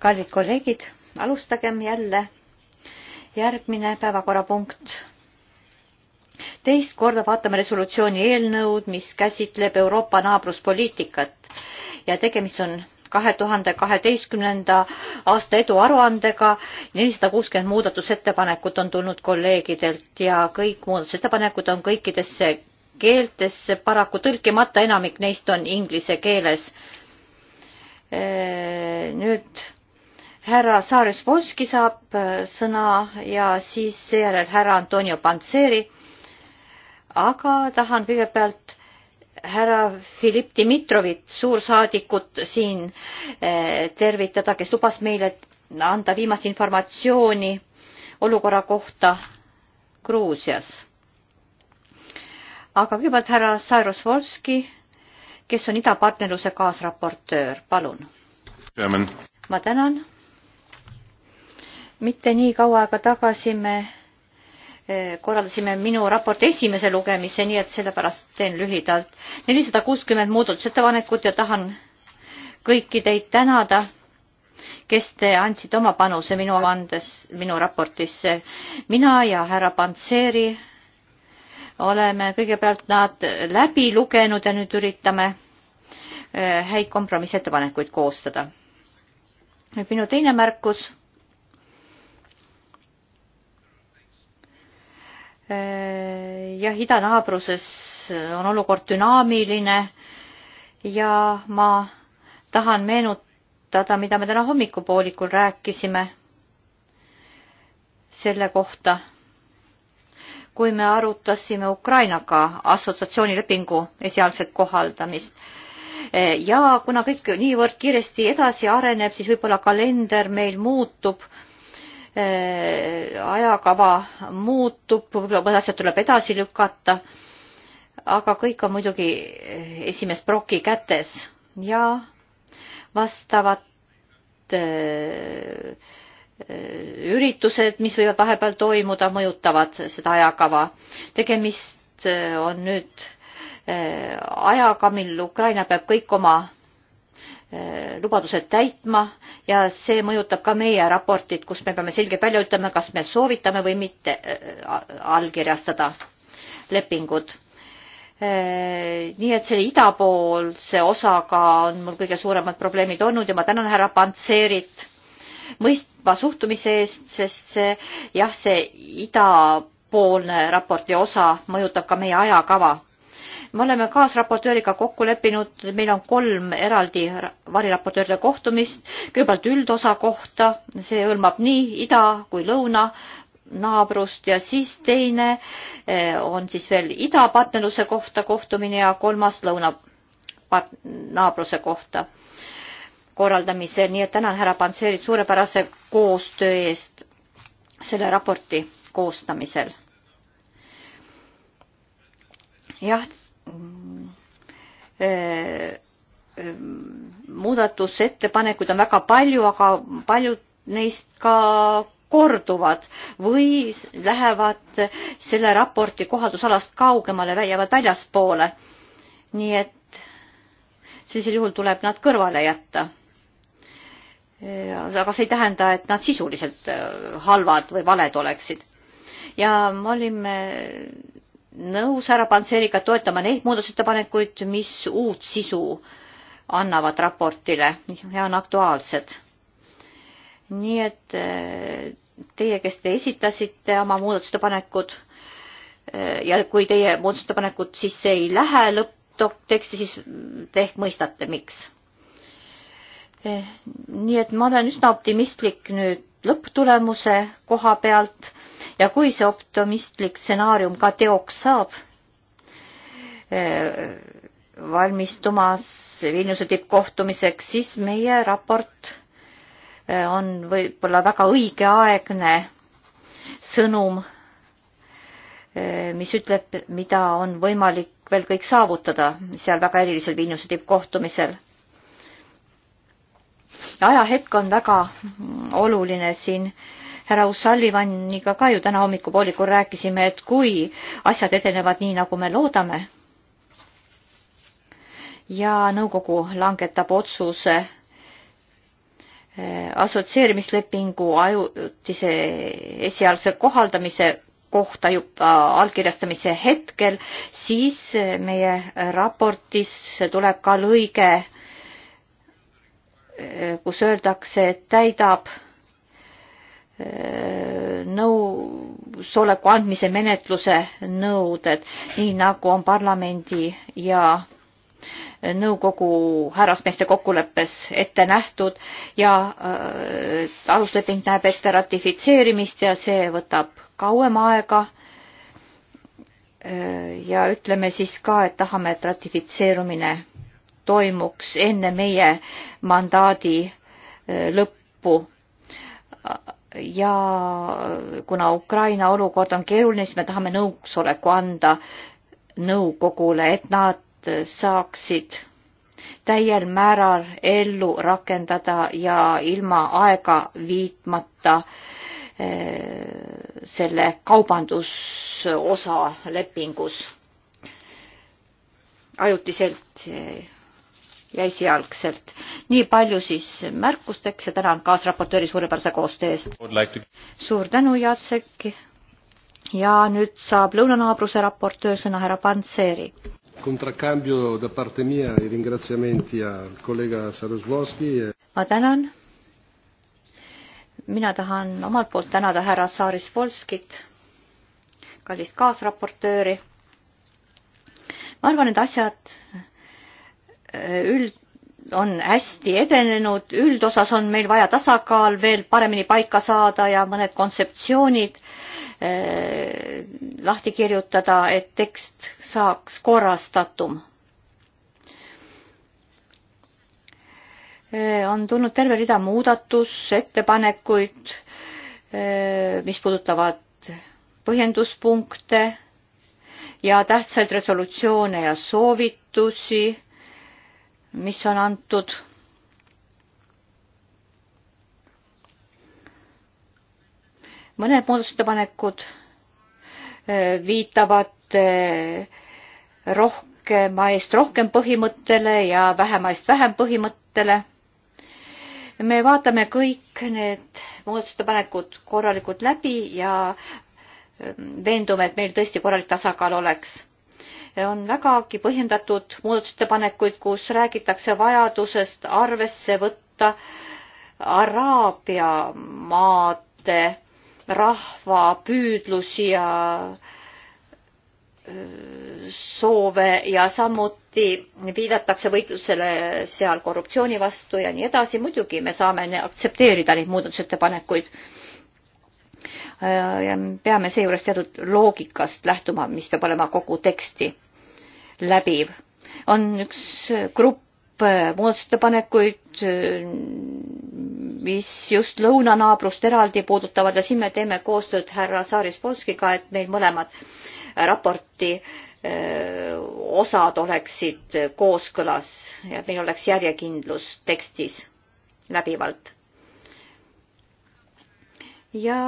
kallid kolleegid, alustagem jälle. järgmine päevakorrapunkt. teist korda vaatame resolutsiooni eelnõud, mis käsitleb Euroopa naabruspoliitikat ja tegemist on kahe tuhande kaheteistkümnenda aasta eduaruandega. nelisada kuuskümmend muudatusettepanekut on tulnud kolleegidelt ja kõik muudatusettepanekud on kõikidesse keeltesse paraku tõlkimata, enamik neist on inglise keeles Äh, nüüd härra Saares Volski saab äh, sõna ja siis seejärel härra Antonio Panseri. aga tahan kõigepealt härra Filipp Dimitrovit, suursaadikut siin äh, tervitada, kes lubas meile anda viimast informatsiooni olukorra kohta Gruusias. aga kõigepealt härra Sairus Volski kes on idapartnerluse kaasraportöör, palun. ma tänan. mitte nii kaua aega tagasi me eh, korraldasime minu raporti esimese lugemise, nii et sellepärast teen lühidalt. nelisada kuuskümmend muudatusettepanekut ja tahan kõiki teid tänada, kes te andsite oma panuse minu andes, minu raportisse. mina ja härra Pantseri oleme kõigepealt nad läbi lugenud ja nüüd üritame Eh, häid kompromissettepanekuid koostada. nüüd minu teine märkus. Eh, jah, idanaabruses on olukord dünaamiline ja ma tahan meenutada, mida me täna hommikupoolikul rääkisime selle kohta, kui me arutasime Ukrainaga assotsiatsioonilepingu esialgset kohaldamist Eh, ja kuna kõik niivõrd kiiresti edasi areneb, siis võib-olla kalender meil muutub eh, ajakava muutub, võib-olla mõned asjad tuleb edasi lükata, aga kõik on muidugi eh, esimest plokki kätes ja vastavad üritused, mis võivad vahepeal toimuda, mõjutavad seda ajakava. tegemist on nüüd ajaga, mil Ukraina peab kõik oma eh, lubadused täitma ja see mõjutab ka meie raportit, kus me peame selgelt välja ütlema, kas me soovitame või mitte eh, allkirjastada lepingud. Eh, nii et selle idapoolse osaga on mul kõige suuremad probleemid olnud ja ma tänan härra Pantseerit mõistva suhtumise eest, sest see jah, see idapoolne raporti osa mõjutab ka meie ajakava me oleme kaasraportööriga kokku leppinud, meil on kolm eraldi variraportööride kohtumist, kõigepealt üldosa kohta, see hõlmab nii ida kui lõuna naabrust ja siis teine eh, on siis veel idapartnerluse kohta kohtumine ja kolmas lõuna naabruse kohta korraldamisel, nii et tänan härra Panserit suurepärase koostöö eest selle raporti koostamisel. jah, Äh, äh, muudatusettepanekuid on väga palju, aga paljud neist ka korduvad või lähevad selle raporti kohaldusalast kaugemale, jäävad väljaspoole. nii et sellisel juhul tuleb nad kõrvale jätta. Äh, aga see ei tähenda, et nad sisuliselt halvad või valed oleksid. ja me olime nõus härra Panseriga toetama neid muudatusettepanekuid, mis uut sisu annavad raportile ja on aktuaalsed. nii et eh, teie, kes te esitasite oma muudatusettepanekud eh, ja kui teie muudatusettepanekud sisse ei lähe lõppteksti, siis te ehk mõistate, miks. Eh, nii et ma olen üsna optimistlik nüüd lõpptulemuse koha pealt ja kui see optimistlik stsenaarium ka teoks saab, eh, valmistumas Vilniuse tippkohtumiseks, siis meie raport eh, on võib-olla väga õigeaegne sõnum, eh, mis ütleb, mida on võimalik veel kõik saavutada seal väga erilisel Vilniuse tippkohtumisel. ajahetk on väga mm, oluline siin härra Ussallivaniga ka ju täna hommikupoolikul rääkisime, et kui asjad edenevad nii, nagu me loodame ja nõukogu langetab otsuse eh, assotsieerimislepingu ajutise esialgse kohaldamise kohta juba allkirjastamise hetkel, siis meie raportis tuleb ka lõige, eh, kus öeldakse, et täidab nõusoleku andmise menetluse nõuded, nii nagu on parlamendi ja nõukogu härrasmeeste kokkuleppes ette nähtud ja äh, alusleping näeb ette ratifitseerimist ja see võtab kauem aega äh,. ja ütleme siis ka, et tahame, et ratifitseerumine toimuks enne meie mandaadi äh, lõppu ja kuna Ukraina olukord on keeruline, siis me tahame nõusoleku anda nõukogule, et nad saaksid täiel määral ellu rakendada ja ilma aega viitmata eh, selle kaubandusosa lepingus ajutiselt eh, ja esialgselt. nii palju siis märkusteks ja tänan kaasraportööri suurepärase koostöö eest. suur tänu, Jacek. ja nüüd saab lõunanaabruse raportöör sõna härra Panseri. Contraccambio da parte mia i e ringraziamenti al collega Sarusvoski. E- ma tänan. mina tahan omalt poolt tänada härra Saaris-Volskit, kallist kaasraportööri. ma arvan, et asjad üld, on hästi edenenud, üldosas on meil vaja tasakaal veel paremini paika saada ja mõned kontseptsioonid eh, lahti kirjutada, et tekst saaks korrastatum eh,. on tulnud terve rida muudatusettepanekuid eh,, mis puudutavad põhjenduspunkte ja tähtsaid resolutsioone ja soovitusi mis on antud. mõned muudatusettepanekud eh, viitavad eh, rohkema eest rohkem põhimõttele ja vähema eest vähem põhimõttele. me vaatame kõik need muudatusettepanekud korralikult läbi ja eh, veendume, et meil tõesti korralik tasakaal oleks on vägagi põhjendatud muudatusettepanekuid, kus räägitakse vajadusest arvesse võtta Araabia maade rahva püüdlusi ja soove ja samuti viidatakse võitlusele seal korruptsiooni vastu ja nii edasi. muidugi me saame aktsepteerida neid muudatusettepanekuid Äh, ja peame seejuures teatud loogikast lähtuma, mis peab olema kogu teksti läbiv. on üks grupp äh, muudatusettepanekuid, äh, mis just lõunanaabrust eraldi puudutavad ja siin me teeme koostööd härra Saaris-Polskiga, et meil mõlemad raporti öö, osad oleksid kooskõlas ja meil oleks järjekindlus tekstis läbivalt. ja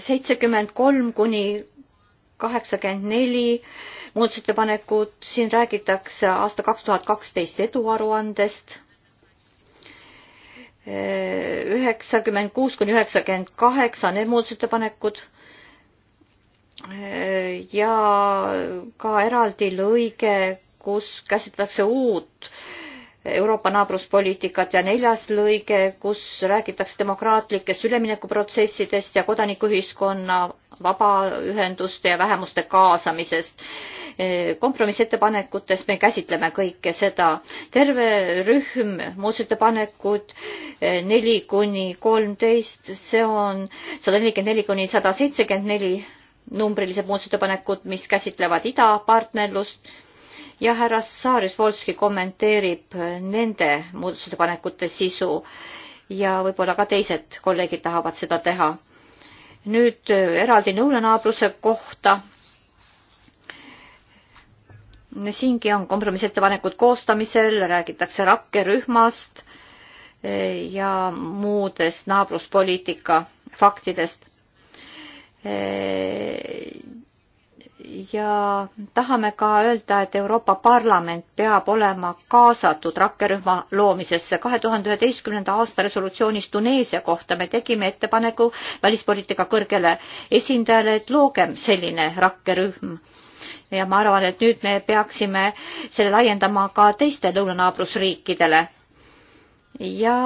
seitsekümmend kolm kuni kaheksakümmend neli muudatusettepanekut, siin räägitakse aasta kaks tuhat kaksteist eduaruandest. üheksakümmend kuus kuni üheksakümmend kaheksa on need muudatusettepanekud. ja ka eraldi lõige, kus käsitletakse uut Euroopa naabruspoliitikat ja neljas lõige, kus räägitakse demokraatlikest üleminekuprotsessidest ja kodanikuühiskonna, vabaühenduste ja vähemuste kaasamisest. kompromissettepanekutes me käsitleme kõike seda. terve rühm muudatusettepanekud neli kuni kolmteist, see on sada nelikümmend neli kuni sada seitsekümmend neli numbrilised muudatusettepanekud, mis käsitlevad idapartnerlust ja härra Saaris-Volski kommenteerib nende muudatusettepanekute sisu ja võib-olla ka teised kolleegid tahavad seda teha. nüüd äh, eraldi nõunanaabruse kohta. siingi on kompromissettepanekud koostamisel, räägitakse rakkerühmast äh, ja muudest naabruspoliitika faktidest äh, ja tahame ka öelda, et Euroopa Parlament peab olema kaasatud rakkerühma loomisesse. kahe tuhande üheteistkümnenda aasta resolutsioonis Tuneesia kohta me tegime ettepaneku välispoliitika kõrgele esindajale, et loogem selline rakkerühm. ja ma arvan, et nüüd me peaksime selle laiendama ka teiste lõunanaabrusriikidele ja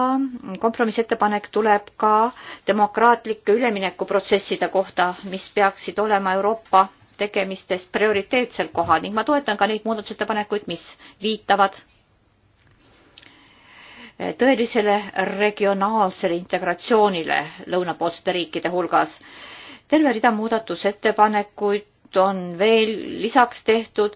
kompromissettepanek tuleb ka demokraatlike üleminekuprotsesside kohta, mis peaksid olema Euroopa tegemistes prioriteetsel kohal ning ma toetan ka neid muudatusettepanekuid, mis viitavad eh, tõelisele regionaalsele integratsioonile lõunapoolsete riikide hulgas. terve rida muudatusettepanekuid on veel lisaks tehtud,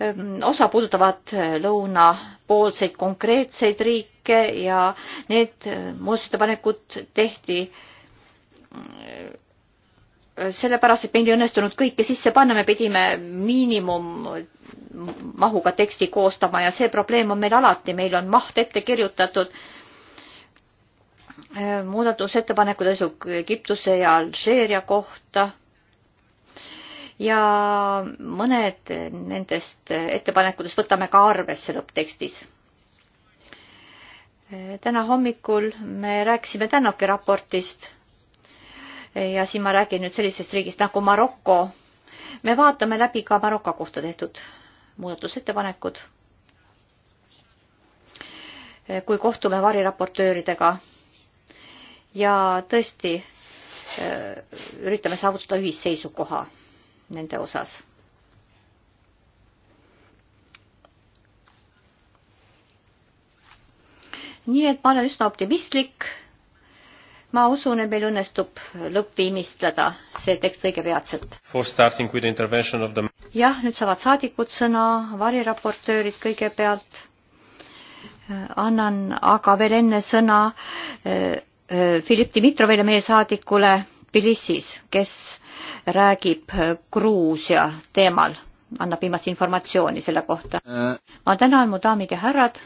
ehm, osa puudutavad lõunapoolseid konkreetseid riike ja need eh, muudatusettepanekud tehti sellepärast, et meil ei õnnestunud kõike sisse panna, me pidime miinimummahuga teksti koostama ja see probleem on meil alati, meil on maht ette kirjutatud. muudatusettepanekud asub Egiptuse ja Alžeeria kohta. ja mõned nendest ettepanekutest võtame ka arvesse lõpptekstis täna hommikul me rääkisime Tänoki raportist ja siin ma räägin nüüd sellisest riigist nagu Maroko. me vaatame läbi ka Maroko kohta tehtud muudatusettepanekud. kui kohtume variraportööridega ja tõesti äh, üritame saavutada ühisseisukoha nende osas. nii et ma olen üsna optimistlik ma usun, et meil õnnestub lõppviimistleda see tekst õige peatselt. The... jah, nüüd saavad saadikud sõna, variraportöörid kõigepealt. Äh, annan aga veel enne sõna Filipp äh, äh, Dimitrovile, meie saadikule Tbilisis, kes räägib Gruusia teemal, annab viimast informatsiooni selle kohta. ma tänan, mu daamid ja härrad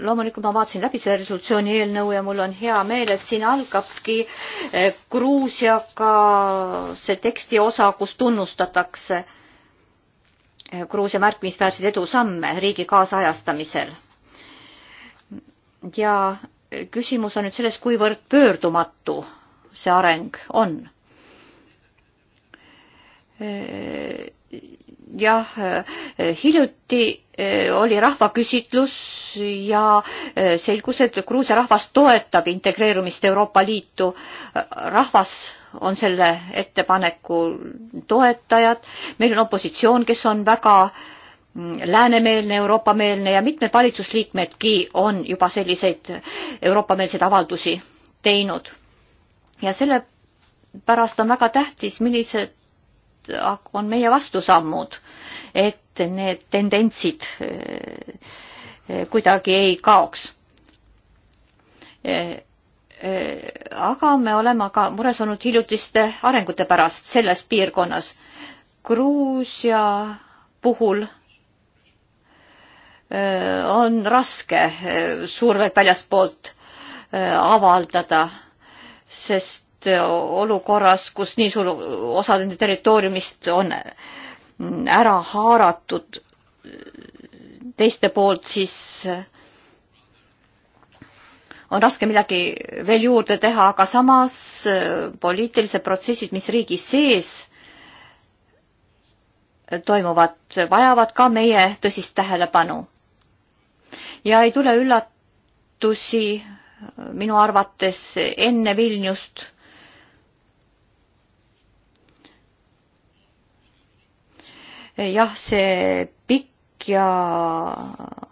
loomulikult ma vaatasin läbi selle resolutsiooni eelnõu ja mul on hea meel, et siin algabki eh, Gruusiaga see teksti osa, kus tunnustatakse eh, Gruusia märkimisväärseid edusamme riigi kaasajastamisel. ja küsimus on nüüd selles, kuivõrd pöördumatu see areng on eh, jah, eh, hiljuti eh, oli rahvaküsitlus ja eh, selgus, et Gruusia rahvas toetab integreerumist Euroopa Liitu. rahvas on selle ettepaneku toetajad. meil on opositsioon, kes on väga mm, läänemeelne, Euroopa-meelne ja mitmed valitsusliikmedki on juba selliseid Euroopa-meelseid avaldusi teinud. ja sellepärast on väga tähtis, millised on meie vastusammud, et need tendentsid eh, eh, kuidagi ei kaoks. Eh, aga me oleme ka mures olnud hiljutiste arengute pärast selles piirkonnas. Gruusia puhul on raske survet väljaspoolt avaldada, sest olukorras, kus nii suur osa nende territooriumist on ära haaratud teiste poolt, siis on raske midagi veel juurde teha, aga samas poliitilised protsessid, mis riigi sees toimuvad, vajavad ka meie tõsist tähelepanu. ja ei tule üllatusi minu arvates enne Vilniust jah, see pikk ja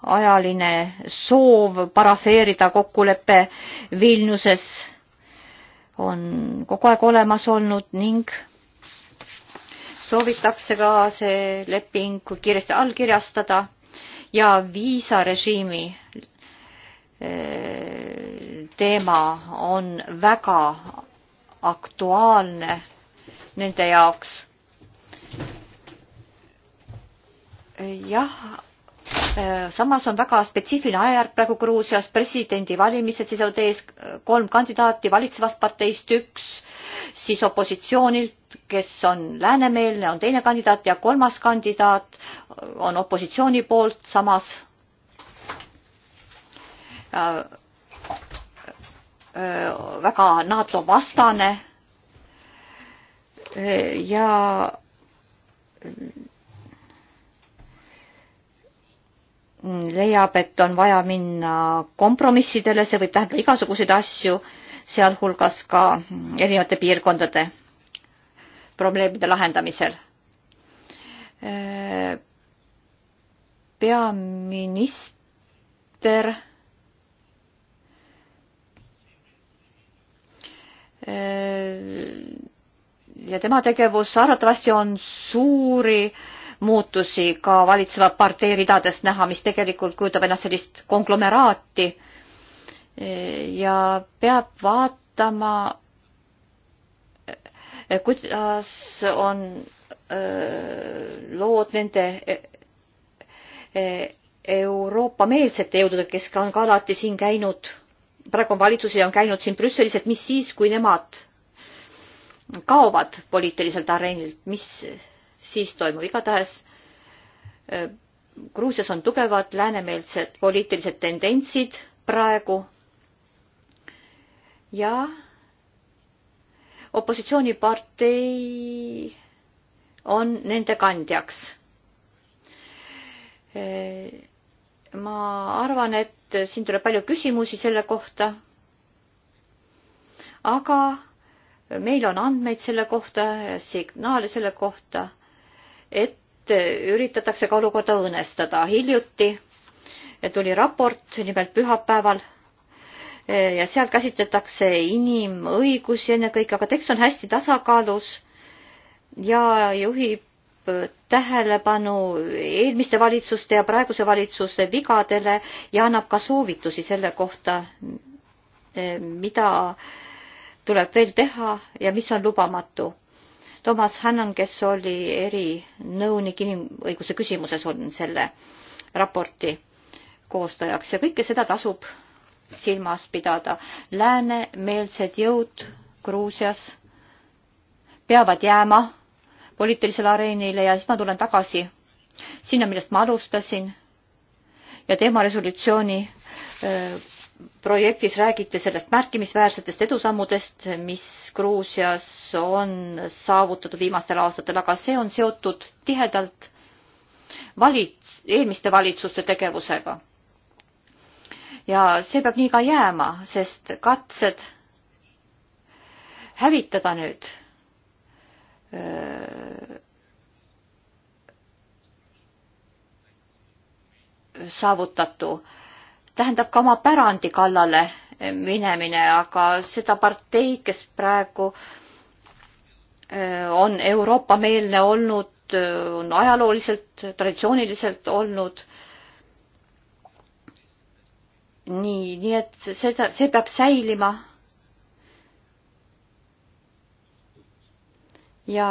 ajaline soov parafeerida kokkulepe Vilniuses on kogu aeg olemas olnud ning soovitakse ka see leping kiiresti allkirjastada ja viisarežiimi eh, teema on väga aktuaalne nende jaoks jah, äh, samas on väga spetsiifiline ajajärk praegu Gruusias, presidendivalimised seisavad ees, äh, kolm kandidaati valitsevast parteist üks, siis opositsioonilt, kes on läänemeelne, on teine kandidaat ja kolmas kandidaat on opositsiooni poolt samas äh, äh, väga NATO vastane äh, ja Mm, leiab, et on vaja minna kompromissidele, see võib tähendada igasuguseid asju, sealhulgas ka mm, erinevate piirkondade probleemide lahendamisel. Äh, peaminister äh, ja tema tegevus arvatavasti on suuri äh, muutusi ka valitseva partei ridades näha, mis tegelikult kujutab ennast sellist konglomeraati. ja peab vaatama, kuidas on lood nende e, e, Euroopa-meelsete jõudude, kes on ka alati siin käinud, praegu on valitsus ja on käinud siin Brüsselis, et mis siis, kui nemad kaovad poliitiliselt areenilt, mis siis toimub. igatahes äh, Gruusias on tugevad läänemeelsed poliitilised tendentsid praegu ja opositsioonipartei on nende kandjaks. Äh, ma arvan, et siin tuleb palju küsimusi selle kohta. aga meil on andmeid selle kohta, signaale selle kohta et üritatakse ka olukorda õõnestada. hiljuti tuli raport, nimelt pühapäeval, e, ja seal käsitletakse inimõigusi ennekõike, aga tekst on hästi tasakaalus ja juhib tähelepanu eelmiste valitsuste ja praeguse valitsuse vigadele ja annab ka soovitusi selle kohta, e, mida tuleb veel teha ja mis on lubamatu. Toomas Hannan, kes oli erinõunik inimõiguse küsimuses, on selle raporti koostajaks ja kõike seda tasub silmas pidada. läänemeelsed jõud Gruusias peavad jääma poliitilisele areenile ja siis ma tulen tagasi sinna, millest ma alustasin ja teema resolutsiooni äh, projektis räägite sellest märkimisväärsetest edusammudest, mis Gruusias on saavutatud viimastel aastatel, aga see on seotud tihedalt valits-, eelmiste valitsuste tegevusega. ja see peab nii ka jääma, sest katsed hävitada nüüd öö, saavutatu öö, tähendab ka oma pärandi kallale minemine, aga seda parteid, kes praegu on Euroopa-meelne olnud, on ajalooliselt, traditsiooniliselt olnud nii, nii et seda, see peab säilima. ja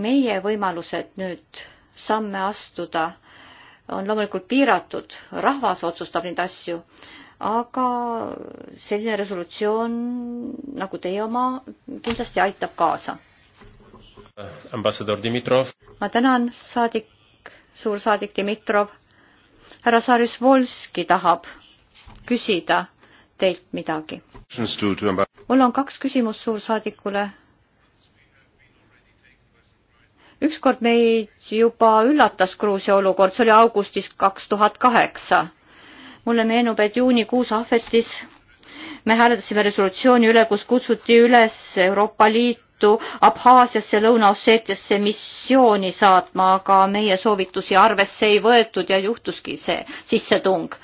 meie võimalused nüüd samme astuda on loomulikult piiratud, rahvas otsustab neid asju, aga selline resolutsioon nagu teie oma kindlasti aitab kaasa. ambassador Dimitrov. ma tänan, saadik, suursaadik Dimitrov. härra Sarjus-Volski tahab küsida teilt midagi. mul on kaks küsimust suursaadikule ükskord meid juba üllatas Gruusia olukord, see oli augustis kaks tuhat kaheksa. mulle meenub, et juunikuus ahvetis me hääletasime resolutsiooni üle, kus kutsuti üles Euroopa Liitu Abhaasiasse, Lõuna-Osseetiasse missiooni saatma, aga meie soovitusi arvesse ei võetud ja juhtuski see sissetung.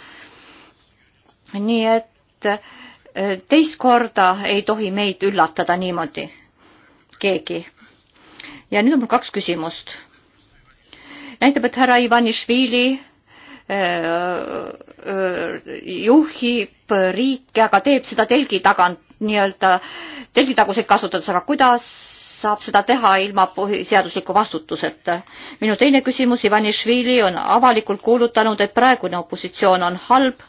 nii et eh, teist korda ei tohi meid üllatada niimoodi keegi ja nüüd on mul kaks küsimust. näitab, et härra Ivanišvili äh, äh, juhib riiki, aga teeb seda telgi tagant nii-öelda, telgitaguseid kasutades, aga kuidas saab seda teha ilma põhiseadusliku vastutuseta? minu teine küsimus, Ivanišvili on avalikult kuulutanud, et praegune opositsioon on halb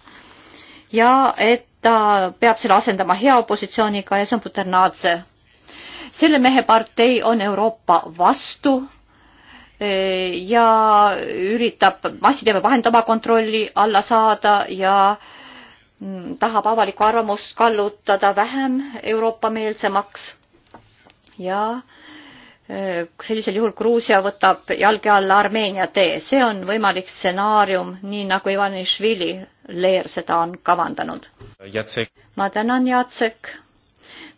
ja et ta peab selle asendama hea opositsiooniga ja see on Puternaadse selle mehe partei on Euroopa vastu e, ja üritab massiteabe vahend oma kontrolli alla saada ja mm, tahab avalikku arvamust kallutada vähem Euroopa-meelsemaks ja e, sellisel juhul Gruusia võtab jalge alla Armeenia tee. see on võimalik stsenaarium, nii nagu Ivanišvili leer seda on kavandanud. ma tänan, Jacek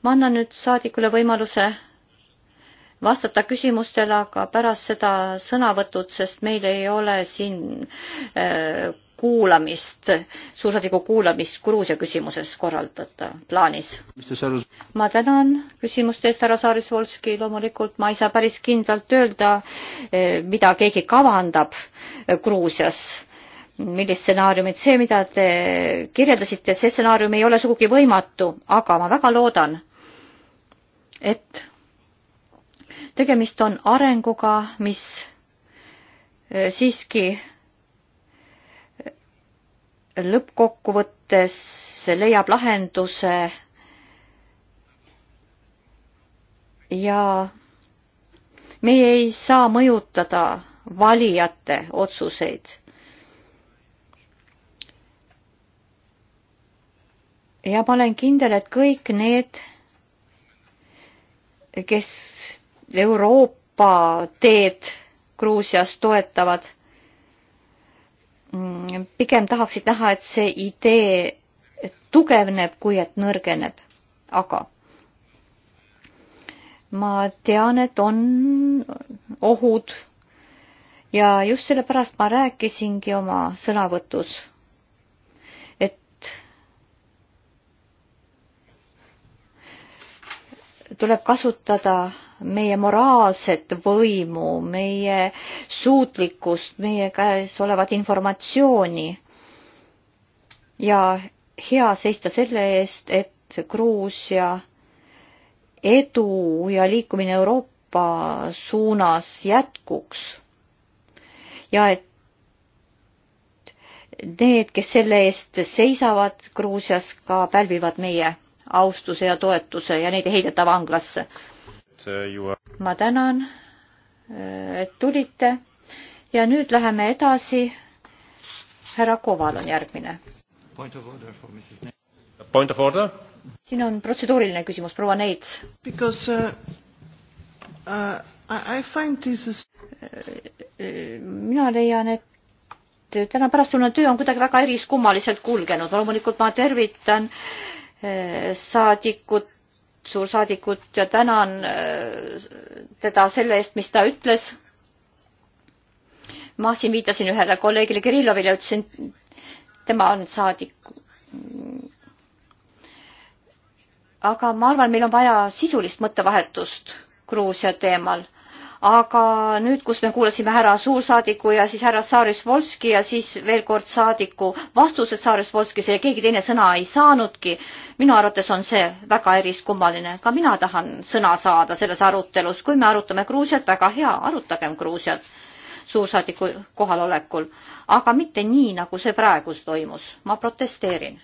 ma annan nüüd saadikule võimaluse vastata küsimustele, aga pärast seda sõnavõtud, sest meil ei ole siin äh, kuulamist, suursaadiku kuulamist Gruusia küsimuses korraldada plaanis. ma tänan küsimuste eest, härra Saari-Solski, loomulikult ma ei saa päris kindlalt öelda, äh, mida keegi kavandab äh, Gruusias millist stsenaariumit, see, mida te kirjeldasite, see stsenaarium ei ole sugugi võimatu, aga ma väga loodan, et tegemist on arenguga, mis eh, siiski eh, lõppkokkuvõttes leiab lahenduse ja meie ei saa mõjutada valijate otsuseid. ja ma olen kindel, et kõik need kes Euroopa teed Gruusias toetavad, mm, pigem tahaksid näha, et see idee tugevneb, kui et nõrgeneb. aga ma tean, et on ohud ja just sellepärast ma rääkisingi oma sõnavõtus tuleb kasutada meie moraalset võimu, meie suutlikkust, meie käes olevat informatsiooni ja hea seista selle eest, et Gruusia edu ja liikumine Euroopa suunas jätkuks ja et need, kes selle eest seisavad Gruusias, ka pälvivad meie austuse ja toetuse ja neid ei heideta vanglasse. Äh, ma tänan, äh, et tulite ja nüüd läheme edasi. härra Koval on järgmine. Point of order? siin on protseduuriline küsimus, proua Neits. Because uh, uh, I find this is... Äh, mina leian, et täna pärastlõuna töö on kuidagi väga eriskummaliselt kulgenud. loomulikult ma tervitan uh, Eh, saadikut, suursaadikut ja tänan eh, teda selle eest, mis ta ütles. ma siin viitasin ühele kolleegile Kirillovile, ütlesin, tema on saadik. aga ma arvan, meil on vaja sisulist mõttevahetust Gruusia teemal aga nüüd, kus me kuulasime ära suursaadiku ja siis härra Saarjus-Volski ja siis veel kord saadiku vastused Saarjus-Volskise ja keegi teine sõna ei saanudki, minu arvates on see väga eriskummaline. ka mina tahan sõna saada selles arutelus, kui me arutame Gruusiat, väga hea, arutagem Gruusiat suursaadiku kohalolekul, aga mitte nii, nagu see praegus toimus. ma protesteerin.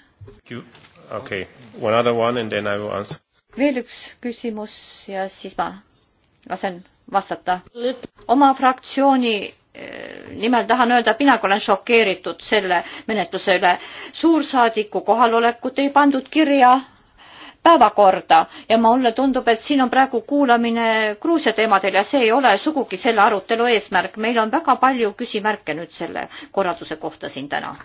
Okay. One other one and then I will answer. veel üks küsimus ja siis ma lasen vastata. oma fraktsiooni eh, nimel tahan öelda, et minagi olen šokeeritud selle menetluse üle. suursaadiku kohalolekut ei pandud kirja päevakorda ja mulle tundub, et siin on praegu kuulamine Gruusia teemadel ja see ei ole sugugi selle arutelu eesmärk. meil on väga palju küsimärke nüüd selle korralduse kohta siin täna.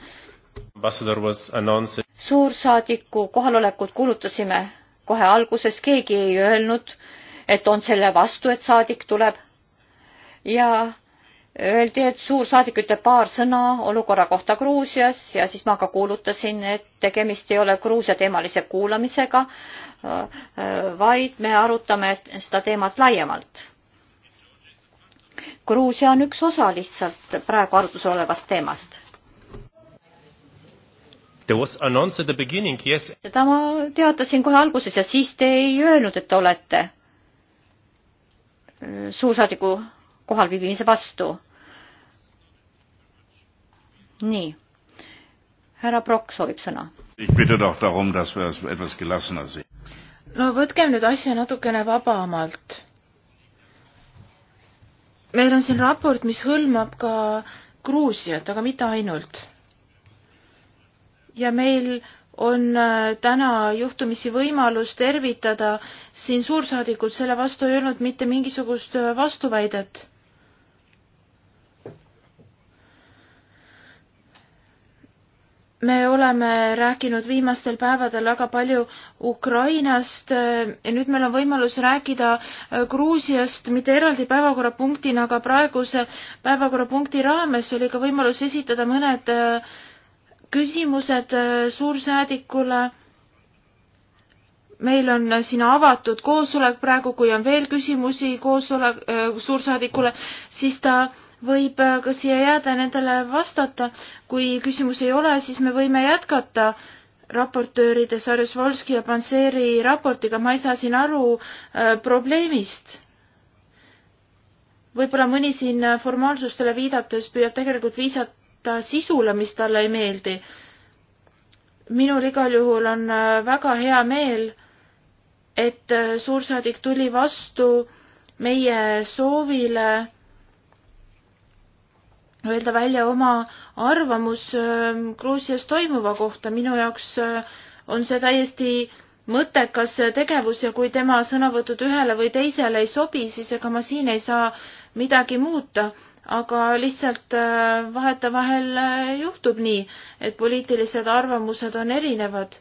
suursaadiku kohalolekut kuulutasime kohe alguses, keegi ei öelnud et on selle vastu, et saadik tuleb. ja öeldi, et suursaadik ütleb paar sõna olukorra kohta Gruusias ja siis ma ka kuulutasin, et tegemist ei ole Gruusia teemalise kuulamisega, vaid me arutame seda teemat laiemalt. Gruusia on üks osa lihtsalt praegu arutlusel olevast teemast. Yes. seda ma teatasin kohe alguses ja siis te ei öelnud, et te olete suursaadiku kohalviibimise vastu. nii, härra Brock soovib sõna. no võtkem nüüd asja natukene vabamalt. meil on siin raport, mis hõlmab ka Gruusiat, aga mitte ainult. ja meil on äh, täna juhtumisi võimalus tervitada siin suursaadikud, selle vastu ei olnud mitte mingisugust äh, vastuväidet. me oleme rääkinud viimastel päevadel väga palju Ukrainast äh, ja nüüd meil on võimalus rääkida Gruusiast mitte eraldi päevakorrapunktina, aga praeguse päevakorrapunkti raames oli ka võimalus esitada mõned äh, küsimused äh, suursaadikule. meil on äh, siin avatud koosolek praegu, kui on veel küsimusi koosolek, äh, suursaadikule, siis ta võib ka siia jääda nendele vastata. kui küsimusi ei ole, siis me võime jätkata raportööride Sarjusvolski ja Panseri raportiga, ma ei saa siin aru äh, probleemist. võib-olla mõni siin formaalsustele viidates püüab tegelikult viisat vaatamata sisule, mis talle ei meeldi. minul igal juhul on äh, väga hea meel, et äh, suursaadik tuli vastu meie soovile öelda välja oma arvamus ähm, Gruusias toimuva kohta. minu jaoks äh, on see täiesti mõttekas tegevus ja kui tema sõnavõtud ühele või teisele ei sobi, siis ega ma siin ei saa midagi muuta aga lihtsalt äh, vahetevahel äh, juhtub nii, et poliitilised arvamused on erinevad.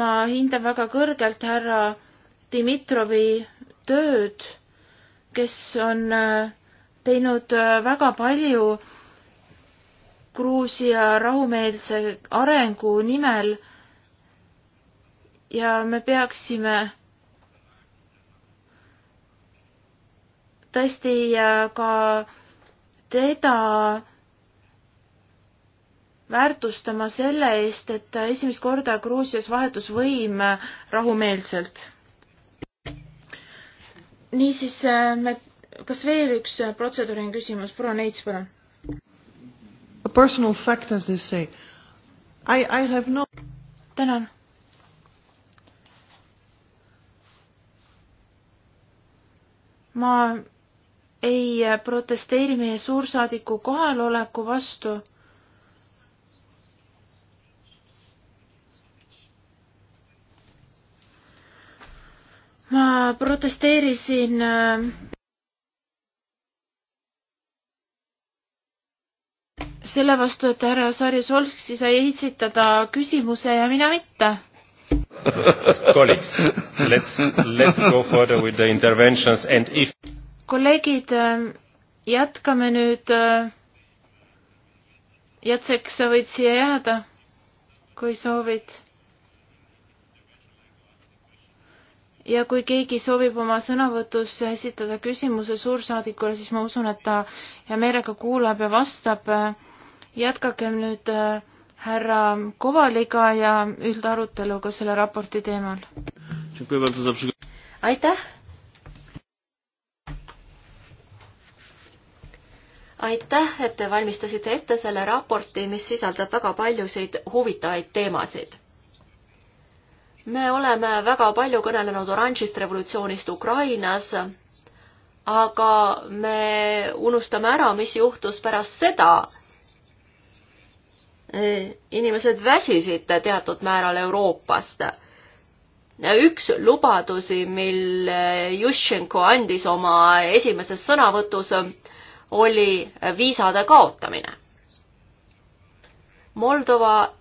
ma hindan väga kõrgelt härra Dmitrovi tööd, kes on äh, teinud väga palju Gruusia rahumeelse arengu nimel ja me peaksime tõesti ka äh, teda väärtustama selle eest, et esimest korda Gruusias vahetus võim rahumeelselt. niisiis, äh, me, kas veel üks äh, protseduuriline küsimus, proua Neits, palun? A personal fact as they say. I, I have no tänan. ma ei protesteeri meie suursaadiku kohaloleku vastu. ma protesteerisin äh, selle vastu, et härra Sari Solksi sai esitada küsimuse ja mina mitte colleagues let's let's go further with the interventions and if kolleegid, ähm, jätkame nüüd. Äh, Jatsek, sa võid siia jääda, kui soovid. ja kui keegi soovib oma sõnavõtus esitada küsimuse suursaadikule, siis ma usun, et ta hea meelega kuulab ja vastab. jätkakem nüüd äh, härra Kovaliga ja üldaruteluga selle raporti teemal. aitäh aitäh, et te valmistasite ette selle raporti, mis sisaldab väga paljusid huvitavaid teemasid. me oleme väga palju kõnelenud oranžist revolutsioonist Ukrainas, aga me unustame ära, mis juhtus pärast seda. inimesed väsisid teatud määral Euroopast üks lubadusi, mille Jushchenko andis oma esimeses sõnavõtus, oli viisade kaotamine. Moldova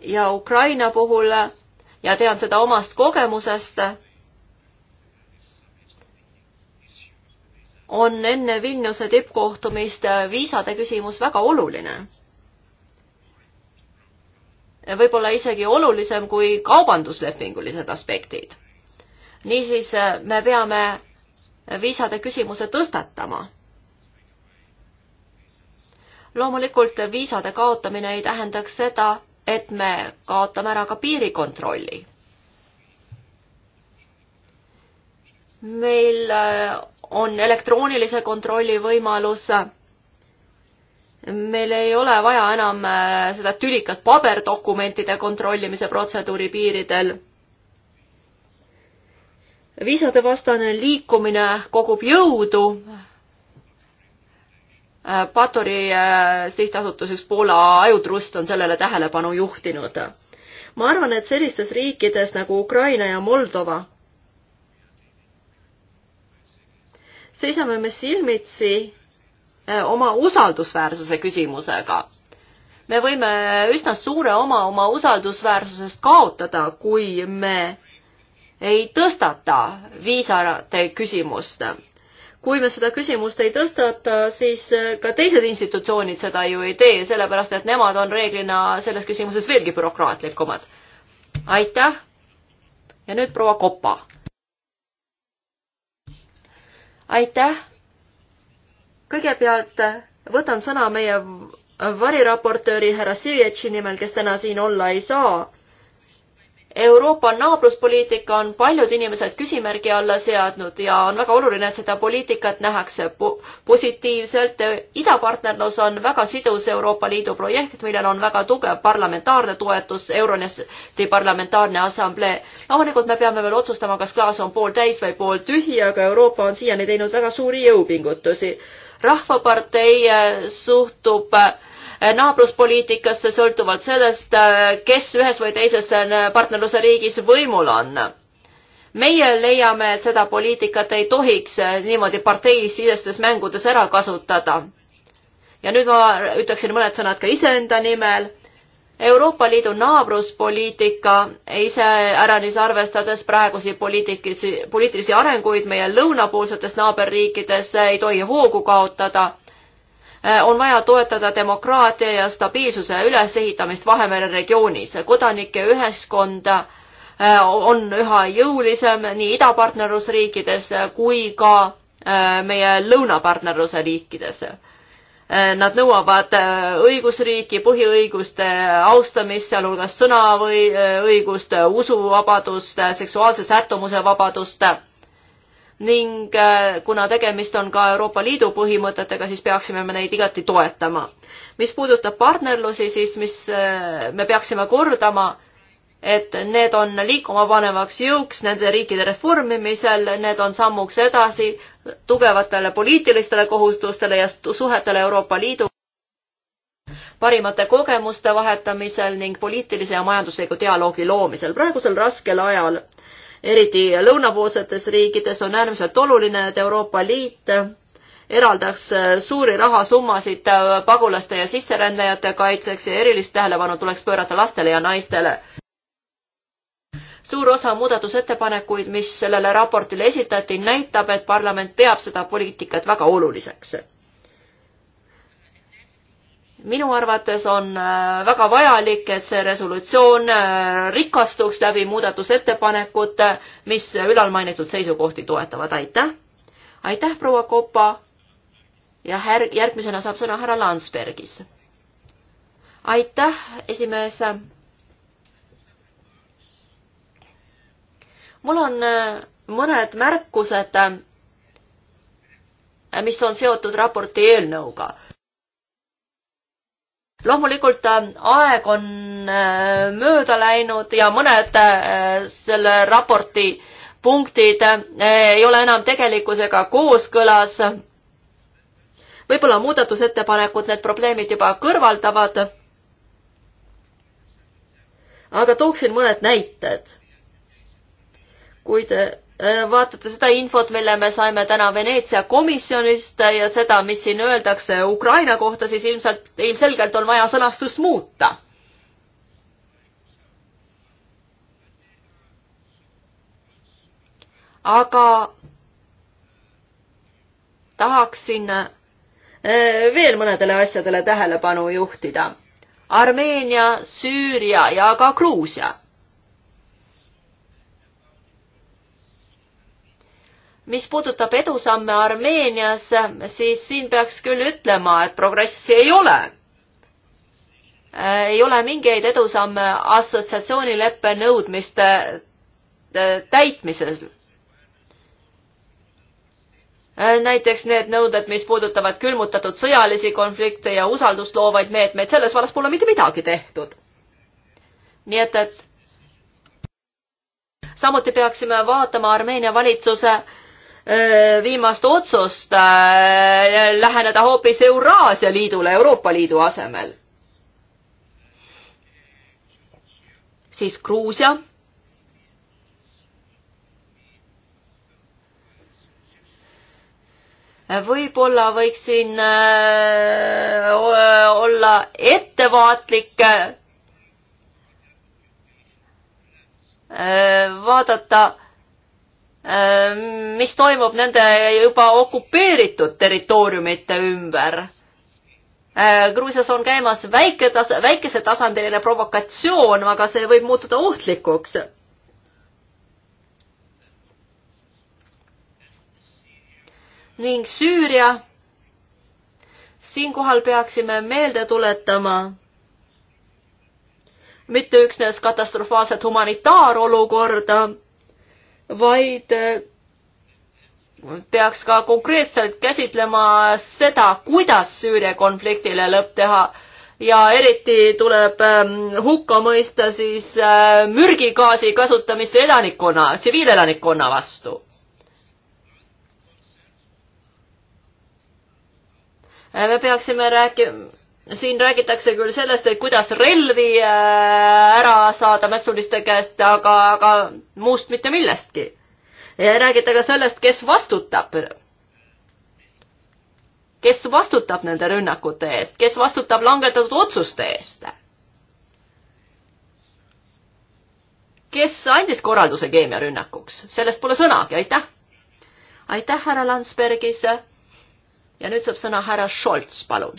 ja Ukraina puhul ja tean seda omast kogemusest, on enne Vilniuse tippkohtumist viisade küsimus väga oluline. võib-olla isegi olulisem kui kaubanduslepingulised aspektid. niisiis me peame viisade küsimuse tõstatama loomulikult viisade kaotamine ei tähendaks seda, et me kaotame ära ka piirikontrolli. meil äh, on elektroonilise kontrolli võimalus. meil ei ole vaja enam äh, seda tülikat paberdokumentide kontrollimise protseduuri piiridel. viisade vastane liikumine kogub jõudu Patori äh, sihtasutus, üks Poola ajutrust on sellele tähelepanu juhtinud. ma arvan, et sellistes riikides nagu Ukraina ja Moldova seisame me silmitsi äh, oma usaldusväärsuse küsimusega. me võime üsna suure oma, oma usaldusväärsusest kaotada, kui me ei tõstata viisarate küsimust kui me seda küsimust ei tõstata, siis äh, ka teised institutsioonid seda ju ei tee, sellepärast et nemad on reeglina selles küsimuses veelgi bürokraatlikumad. aitäh. ja nüüd proua Kopa. aitäh. kõigepealt äh, võtan sõna meie variraportööri härra Sivjetši nimel, kes täna siin olla ei saa Euroopa naabruspoliitika on paljud inimesed küsimärgi alla seadnud ja on väga oluline, et seda poliitikat nähakse positiivselt. idapartnerlus on väga sidus Euroopa Liidu projekt, millel on väga tugev parlamentaarne toetus, Euronesti parlamentaarne assamblee. loomulikult me peame veel otsustama, kas klaas on pooltäis või pooltühi, aga Euroopa on siiani teinud väga suuri jõupingutusi. rahvapartei eh, suhtub äh, Äh, naabruspoliitikasse sõltuvalt sellest, äh, kes ühes või teises äh, partnerluse riigis võimul on. meie leiame, et seda poliitikat ei tohiks niimoodi parteisisestes mängudes ära kasutada. ja nüüd ma ütleksin mõned sõnad ka iseenda nimel Euroopa Liidu naabruspoliitika iseäranis arvestades praegusi poliitilisi, poliitilisi arenguid meie lõunapoolsetes naaberriikides ei tohi hoogu kaotada Äh, on vaja toetada demokraatia ja stabiilsuse ülesehitamist Vahemere regioonis. kodanike ühiskonda äh, on üha jõulisem nii idapartnerlusriikides kui ka äh, meie lõunapartnerluse riikides. Nad nõuavad õigusriiki, põhiõiguste austamist, sealhulgas sõnaõigust, usuvabadust, seksuaalse sättumuse vabadust, vabadust ning äh, kuna tegemist on ka Euroopa Liidu põhimõtetega, siis peaksime me neid igati toetama. mis puudutab partnerlusi, siis mis äh, me peaksime kordama, et need on liikuma panevaks jõuks nende riikide reformimisel, need on sammuks edasi tugevatele poliitilistele kohustustele ja suhetele Euroopa Liidu parimate kogemuste vahetamisel ning poliitilise ja majandusliku dialoogi loomisel. praegusel raskel ajal eriti lõunapoolsetes riikides, on äärmiselt oluline, et Euroopa Liit eraldaks suuri rahasummasid pagulaste ja sisserändajate kaitseks ja erilist tähelepanu tuleks pöörata lastele ja naistele. suur osa muudatusettepanekuid, mis sellele raportile esitati, näitab, et parlament peab seda poliitikat väga oluliseks minu arvates on äh, väga vajalik, et see resolutsioon äh, rikastuks läbi muudatusettepanekute, mis ülalmainitud seisukohti toetavad, aitäh. aitäh, proua Kopa. ja här-, järgmisena saab sõna härra Landsbergis. aitäh, esimees. mul on äh, mõned märkused, mis on seotud raporti eelnõuga loomulikult äh, aeg on äh, mööda läinud ja mõned äh, selle raporti punktid ei ole enam tegelikkusega kooskõlas. võib-olla muudatusettepanekud need probleemid juba kõrvaldavad. aga tooksin mõned näited. kui te Äh, vaatate seda infot, mille me saime täna Veneetsia komisjonist äh, ja seda, mis siin öeldakse Ukraina kohta, siis ilmselt, ilmselgelt on vaja sõnastust muuta. aga tahaksin äh, veel mõnedele asjadele tähelepanu juhtida. Armeenia, Süüria ja ka Gruusia mis puudutab edusamme Armeenias, siis siin peaks küll ütlema, et progressi ei ole. Äh, ei ole mingeid edusamme assotsiatsioonileppe nõudmiste äh, täitmisel. Äh, näiteks need nõuded, mis puudutavad külmutatud sõjalisi konflikte ja usaldust loovaid meetmeid, selles vallas pole mitte midagi tehtud. nii et, et samuti peaksime vaatama Armeenia valitsuse äh, Äh, viimast otsust äh, läheneda hoopis Euraasia Liidule Euroopa Liidu asemel. siis Gruusia. võib-olla võiksin äh, olla ettevaatlik vaadata Äh, mis toimub nende juba okupeeritud territooriumite ümber. Äh, Gruusias on käimas väike tas-, väikesetasandiline provokatsioon, aga see võib muutuda ohtlikuks. ning Süüria. siinkohal peaksime meelde tuletama mitte üksnes katastrofaalset humanitaarolukorda vaid äh, peaks ka konkreetselt käsitlema seda, kuidas Süüria konfliktile lõpp teha ja eriti tuleb ähm, hukka mõista siis äh, mürgigaasi kasutamist elanikkonna, tsiviilelanikkonna vastu. Äh, me peaksime rääkima siin räägitakse küll sellest, et kuidas relvi äh, ära saada mässuliste käest, aga, aga muust mitte millestki. räägite ka sellest, kes vastutab. kes vastutab nende rünnakute eest, kes vastutab langetatud otsuste eest? kes andis korralduse keemiarünnakuks, sellest pole sõnagi, aitäh. aitäh, härra Landsbergis. ja nüüd saab sõna härra Scholz, palun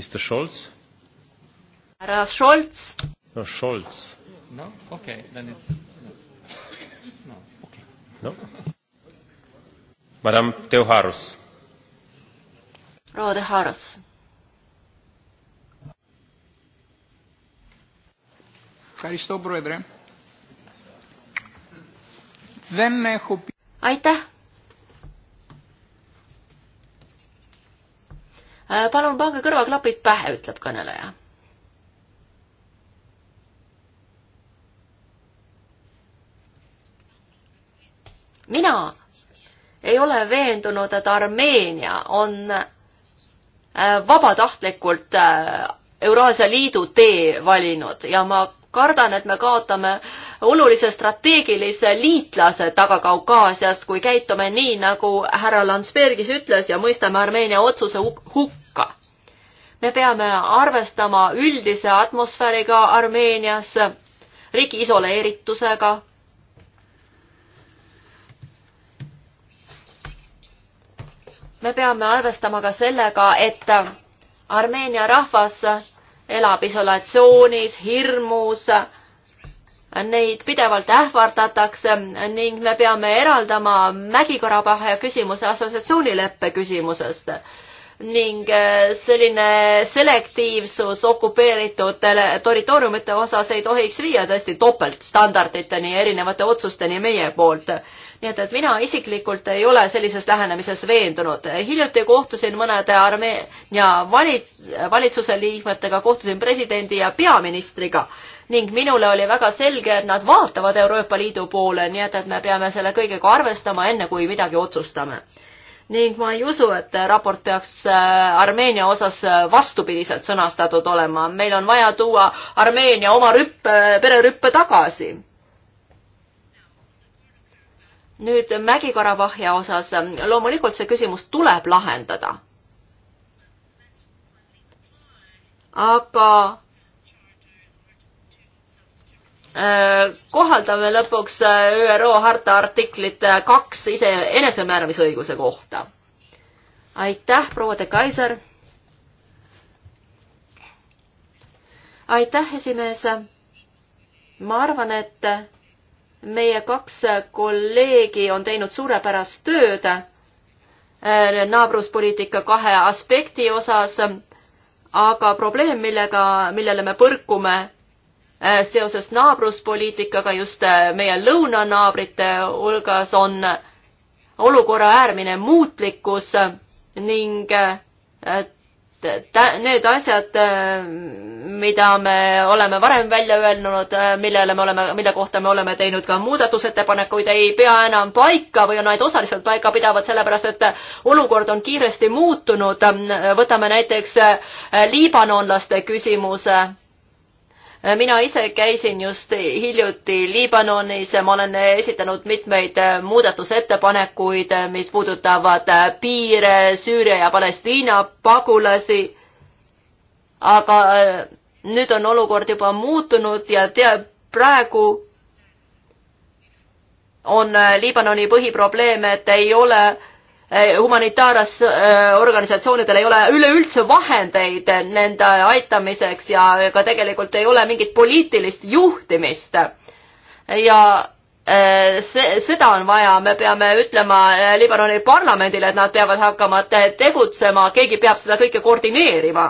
Mr Scholz? härra Scholz? no Scholz. no okei okay,, then it's no okei okay.. no. Madame Teoharus. proua Teoharus. Aitäh Äh, palun pange kõrvaklapid pähe, ütleb kõneleja. mina ei ole veendunud, et Armeenia on äh, vabatahtlikult äh, Euraasia Liidu tee valinud ja ma kardan, et me kaotame olulise strateegilise liitlase taga Kaukaasiast, kui käitume nii, nagu härra Landsbergis ütles ja mõistame Armeenia otsuse hukka me peame arvestama üldise atmosfääriga Armeenias, riigi isoleeritusega. me peame arvestama ka sellega, et Armeenia rahvas elab isolatsioonis, hirmus, neid pidevalt ähvardatakse ning me peame eraldama Mägi-Karabahhi küsimuse assotsiatsioonileppe küsimusest ning äh, selline selektiivsus okupeeritud territooriumite osas ei tohiks viia tõesti topeltstandarditeni, erinevate otsusteni meie poolt nii et, et mina isiklikult ei ole sellises lähenemises veendunud. hiljuti kohtusin mõnede Armeenia valits-, valitsuse liikmetega, kohtusin presidendi ja peaministriga ning minule oli väga selge, et nad vaatavad Euroopa Liidu poole, nii et, et me peame selle kõigega arvestama, enne kui midagi otsustame ning ma ei usu, et raport peaks äh, Armeenia osas äh, vastupidiselt sõnastatud olema. meil on vaja tuua Armeenia oma rüppe, pererüppe tagasi. nüüd Mägi-Karabahhia osas, äh, loomulikult see küsimus tuleb lahendada. aga Äh, kohaldame lõpuks äh, ÜRO harta artiklit äh, kaks ise enesemääramisõiguse kohta. aitäh, proua de Kaiser. aitäh, esimees. ma arvan, et meie kaks kolleegi on teinud suurepärast tööd naabruspoliitika kahe aspekti osas, aga probleem, millega, millele me põrkume, Äh, seoses naabruspoliitikaga just äh, meie lõunanaabrite hulgas on olukorra äärmine muutlikkus ning äh, need asjad, mida me oleme varem välja öelnud, millele me oleme, mille kohta me oleme teinud ka muudatusettepanekuid, ei pea enam paika või on ainult osaliselt paikapidavad, sellepärast et olukord on kiiresti muutunud. võtame näiteks liibanonlaste küsimuse mina ise käisin just hiljuti Liibanonis, ma olen esitanud mitmeid muudatusettepanekuid, mis puudutavad piire Süüria ja Palestiina pagulasi. aga äh, nüüd on olukord juba muutunud ja tea-, praegu on äh, Liibanoni põhiprobleem, et ei ole Eh, humanitaarorganisatsioonidel eh, ei ole üleüldse vahendeid nende aitamiseks ja ka tegelikult ei ole mingit poliitilist juhtimist. ja eh, see, seda on vaja, me peame ütlema Liibanoni parlamendile, et nad peavad hakkama tegutsema, keegi peab seda kõike koordineerima.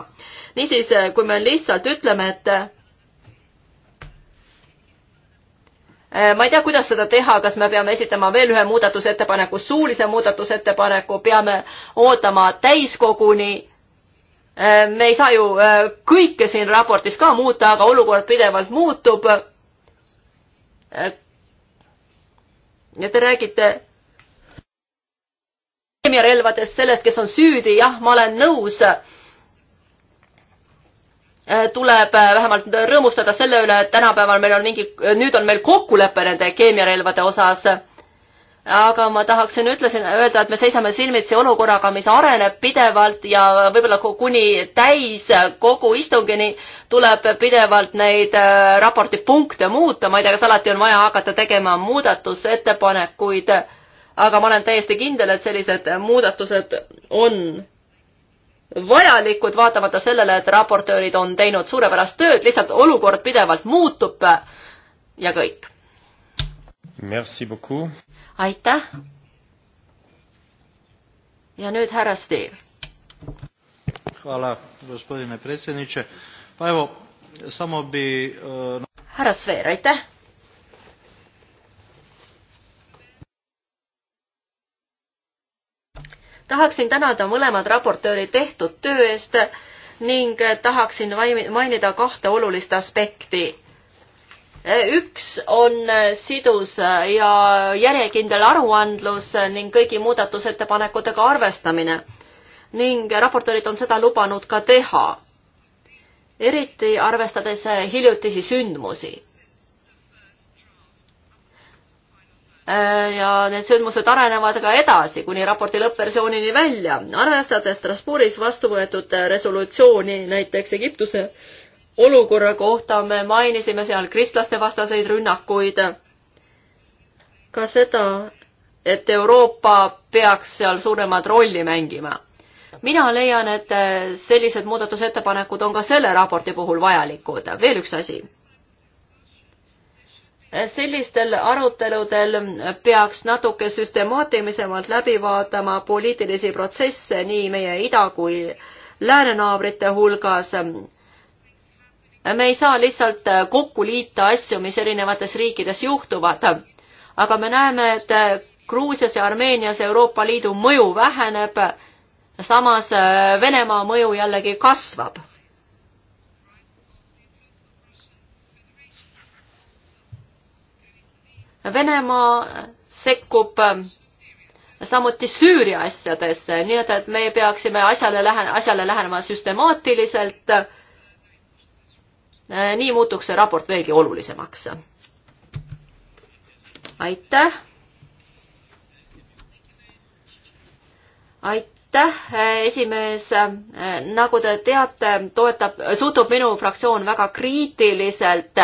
niisiis, kui me lihtsalt ütleme, et Äh, ma ei tea, kuidas seda teha, kas me peame esitama veel ühe muudatusettepaneku, suulise muudatusettepaneku, peame ootama täiskoguni. Äh, me ei saa ju äh, kõike siin raportis ka muuta, aga olukord pidevalt muutub. ja te räägite keemiarelvadest, sellest, kes on süüdi, jah, ma olen nõus Äh, tuleb äh, vähemalt rõõmustada selle üle, et tänapäeval meil on mingi, nüüd on meil kokkulepe nende keemiarelvade osas. aga ma tahaksin ütlesin, öelda, et me seisame silmitsi olukorraga, mis areneb pidevalt ja võib-olla kuni täis kogu istungini tuleb pidevalt neid äh, raporti punkte muuta, ma ei tea, kas alati on vaja hakata tegema muudatusettepanekuid, aga ma olen täiesti kindel, et sellised muudatused on vajalikud, vaatamata sellele, et raportöörid on teinud suurepärast tööd, lihtsalt olukord pidevalt muutub äh, ja kõik. aitäh. ja nüüd härra Steve. E, härra Sveer, aitäh tahaksin tänada mõlemad raportööri tehtud töö eest ning tahaksin mainida kahte olulist aspekti. üks on sidus ja järjekindel aruandlus ning kõigi muudatusettepanekutega arvestamine ning raportöörid on seda lubanud ka teha, eriti arvestades hiljutisi sündmusi Äh, ja need sündmused arenevad ka edasi kuni raporti lõppversioonini välja. arvestades Strasbourgis vastu võetud äh, resolutsiooni näiteks Egiptuse olukorra kohta, me mainisime seal kristlaste vastaseid rünnakuid, ka seda, et Euroopa peaks seal suuremat rolli mängima. mina leian, et äh, sellised muudatusettepanekud on ka selle raporti puhul vajalikud. veel üks asi sellistel aruteludel peaks natuke süstemaatilisemalt läbi vaatama poliitilisi protsesse nii meie ida kui läänenaabrite hulgas. me ei saa lihtsalt kokku liita asju, mis erinevates riikides juhtuvad, aga me näeme, et Gruusias ja Armeenias Euroopa Liidu mõju väheneb, samas Venemaa mõju jällegi kasvab Venemaa sekkub äh, samuti Süüria asjadesse, nii et, et me peaksime asjale lähen-, asjale lähenema süstemaatiliselt. Äh, nii muutuks see raport veelgi olulisemaks. aitäh. aitäh aitäh, esimees. nagu te teate, toetab, suhtub minu fraktsioon väga kriitiliselt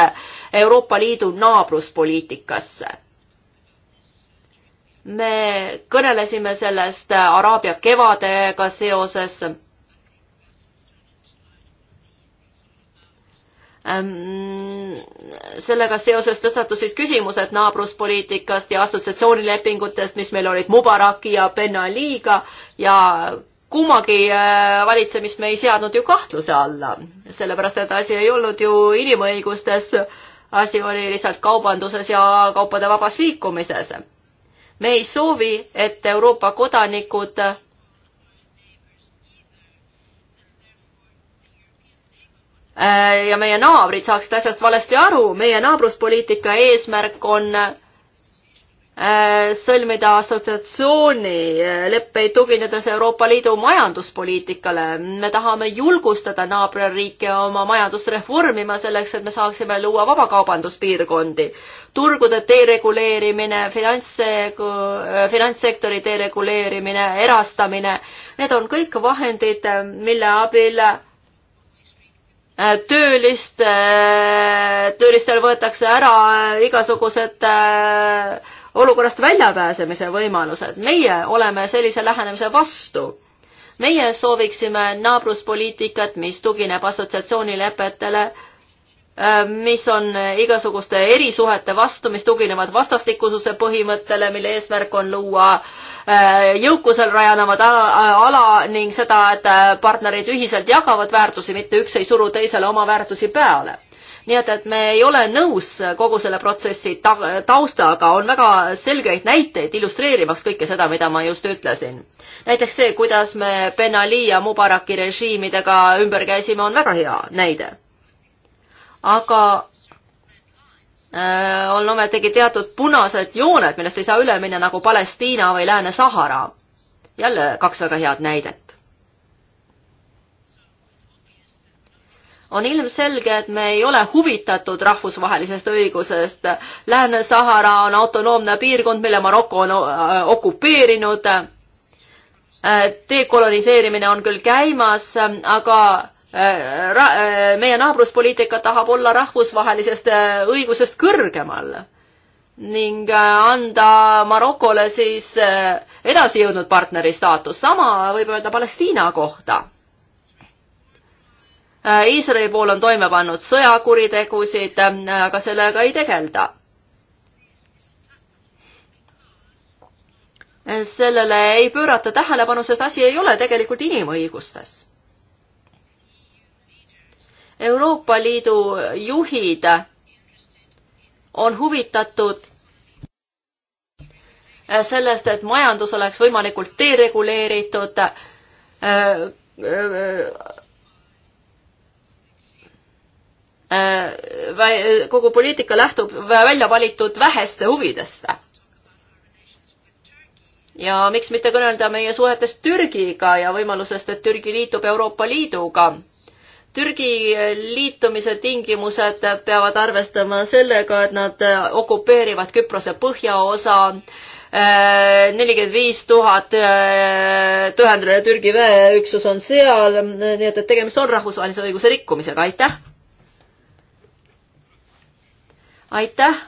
Euroopa Liidu naabruspoliitikasse. me kõnelesime sellest Araabia kevadega seoses Ähm, sellega seoses tõstatusid küsimused naabruspoliitikast ja assotsiatsioonilepingutest, mis meil olid Mubaraki ja Ben Aliga ja kummagi äh, valitsemist me ei seadnud ju kahtluse alla, sellepärast et asi ei olnud ju inimõigustes, asi oli lihtsalt kaubanduses ja kaupade vabas liikumises. me ei soovi, et Euroopa kodanikud Äh, ja meie naabrid saaksid asjast valesti aru, meie naabruspoliitika eesmärk on äh, sõlmida assotsiatsiooni äh, leppeid tuginedes Euroopa Liidu majanduspoliitikale. me tahame julgustada naaberriike oma majandust reformima selleks, et me saaksime luua vabakaubanduspiirkondi. turgude dereguleerimine, finants, finantssektori dereguleerimine, erastamine, need on kõik vahendid, mille abil Äh, tööliste, äh, töölistel võetakse ära äh, igasugused olukorrast väljapääsemise võimalused. meie oleme sellise lähenemise vastu. meie sooviksime naabruspoliitikat, mis tugineb assotsiatsioonilepetele, mis on igasuguste erisuhete vastu, mis tuginevad vastastikususe põhimõttele, mille eesmärk on luua äh, Äh, jõukusel rajanevad ala ning seda, et äh, partnerid ühiselt jagavad väärtusi, mitte üks ei suru teisele oma väärtusi peale nii et, et me ei ole nõus kogu selle protsessi ta taustaga, on väga selgeid näiteid illustreerimaks kõike seda, mida ma just ütlesin. näiteks see, kuidas me Ben Ali ja Mubaraki režiimidega ümber käisime, on väga hea näide. aga Äh, on ometigi teatud punased jooned, millest ei saa üle minna nagu Palestiina või Lääne-Sahara. jälle kaks väga head näidet. on ilmselge, et me ei ole huvitatud rahvusvahelisest õigusest. Lääne-Sahara on autonoomne piirkond, mille Maroko on äh, okupeerinud. Äh, dekoloniseerimine on küll käimas, aga Äh, äh, meie naabruspoliitika tahab olla rahvusvahelisest äh, õigusest kõrgemal ning anda Marokole siis edasijõudnud partneri staatus, sama võib öelda Palestiina kohta. Iisraeli pool on toime pannud sõjakuritegusid, aga sellega ei tegelda. sellele ei pöörata tähelepanu, sest asi ei ole tegelikult inimõigustes Euroopa Liidu juhid on huvitatud sellest, et majandus oleks võimalikult dereguleeritud kogu poliitika lähtub välja valitud väheste huvidest. ja miks mitte kõnelda meie suhetest Türgiga ja võimalusest, et Türgi liitub Euroopa Liiduga. Türgi liitumise tingimused peavad arvestama sellega, et nad okupeerivad Küprose põhjaosa, eh, nelikümmend viis tuhat eh, tuhandene Türgi väeüksus on seal, nii et, et tegemist on rahvusvahelise õiguse rikkumisega, aitäh! aitäh!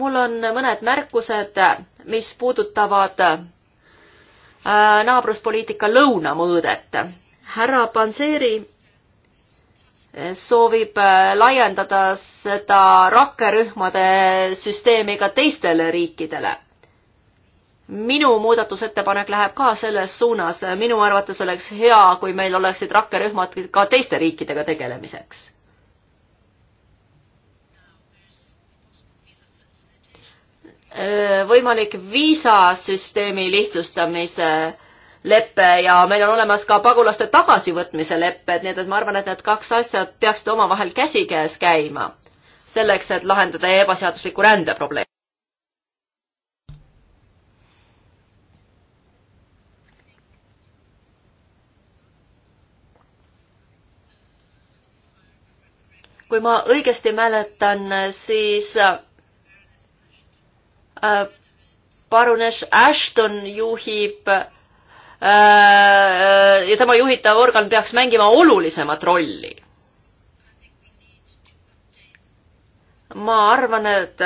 mul on mõned märkused, mis puudutavad Äh, naabruspoliitika lõunamõõdet. härra Panseri äh, soovib äh, laiendada seda rakkerühmade süsteemi ka teistele riikidele. minu muudatusettepanek läheb ka selles suunas, minu arvates oleks hea, kui meil oleksid rakkerühmad ka teiste riikidega tegelemiseks Äh, võimalik viisasüsteemi lihtsustamise lepe ja meil on olemas ka pagulaste tagasivõtmise lepped, nii et, et ma arvan, et need kaks asja peaksid omavahel käsikäes käima selleks, et lahendada ebaseadusliku rände probleemi. kui ma õigesti mäletan, siis Äh, parunes Ashton juhib äh, ja tema juhitav organ peaks mängima olulisemat rolli. ma arvan, et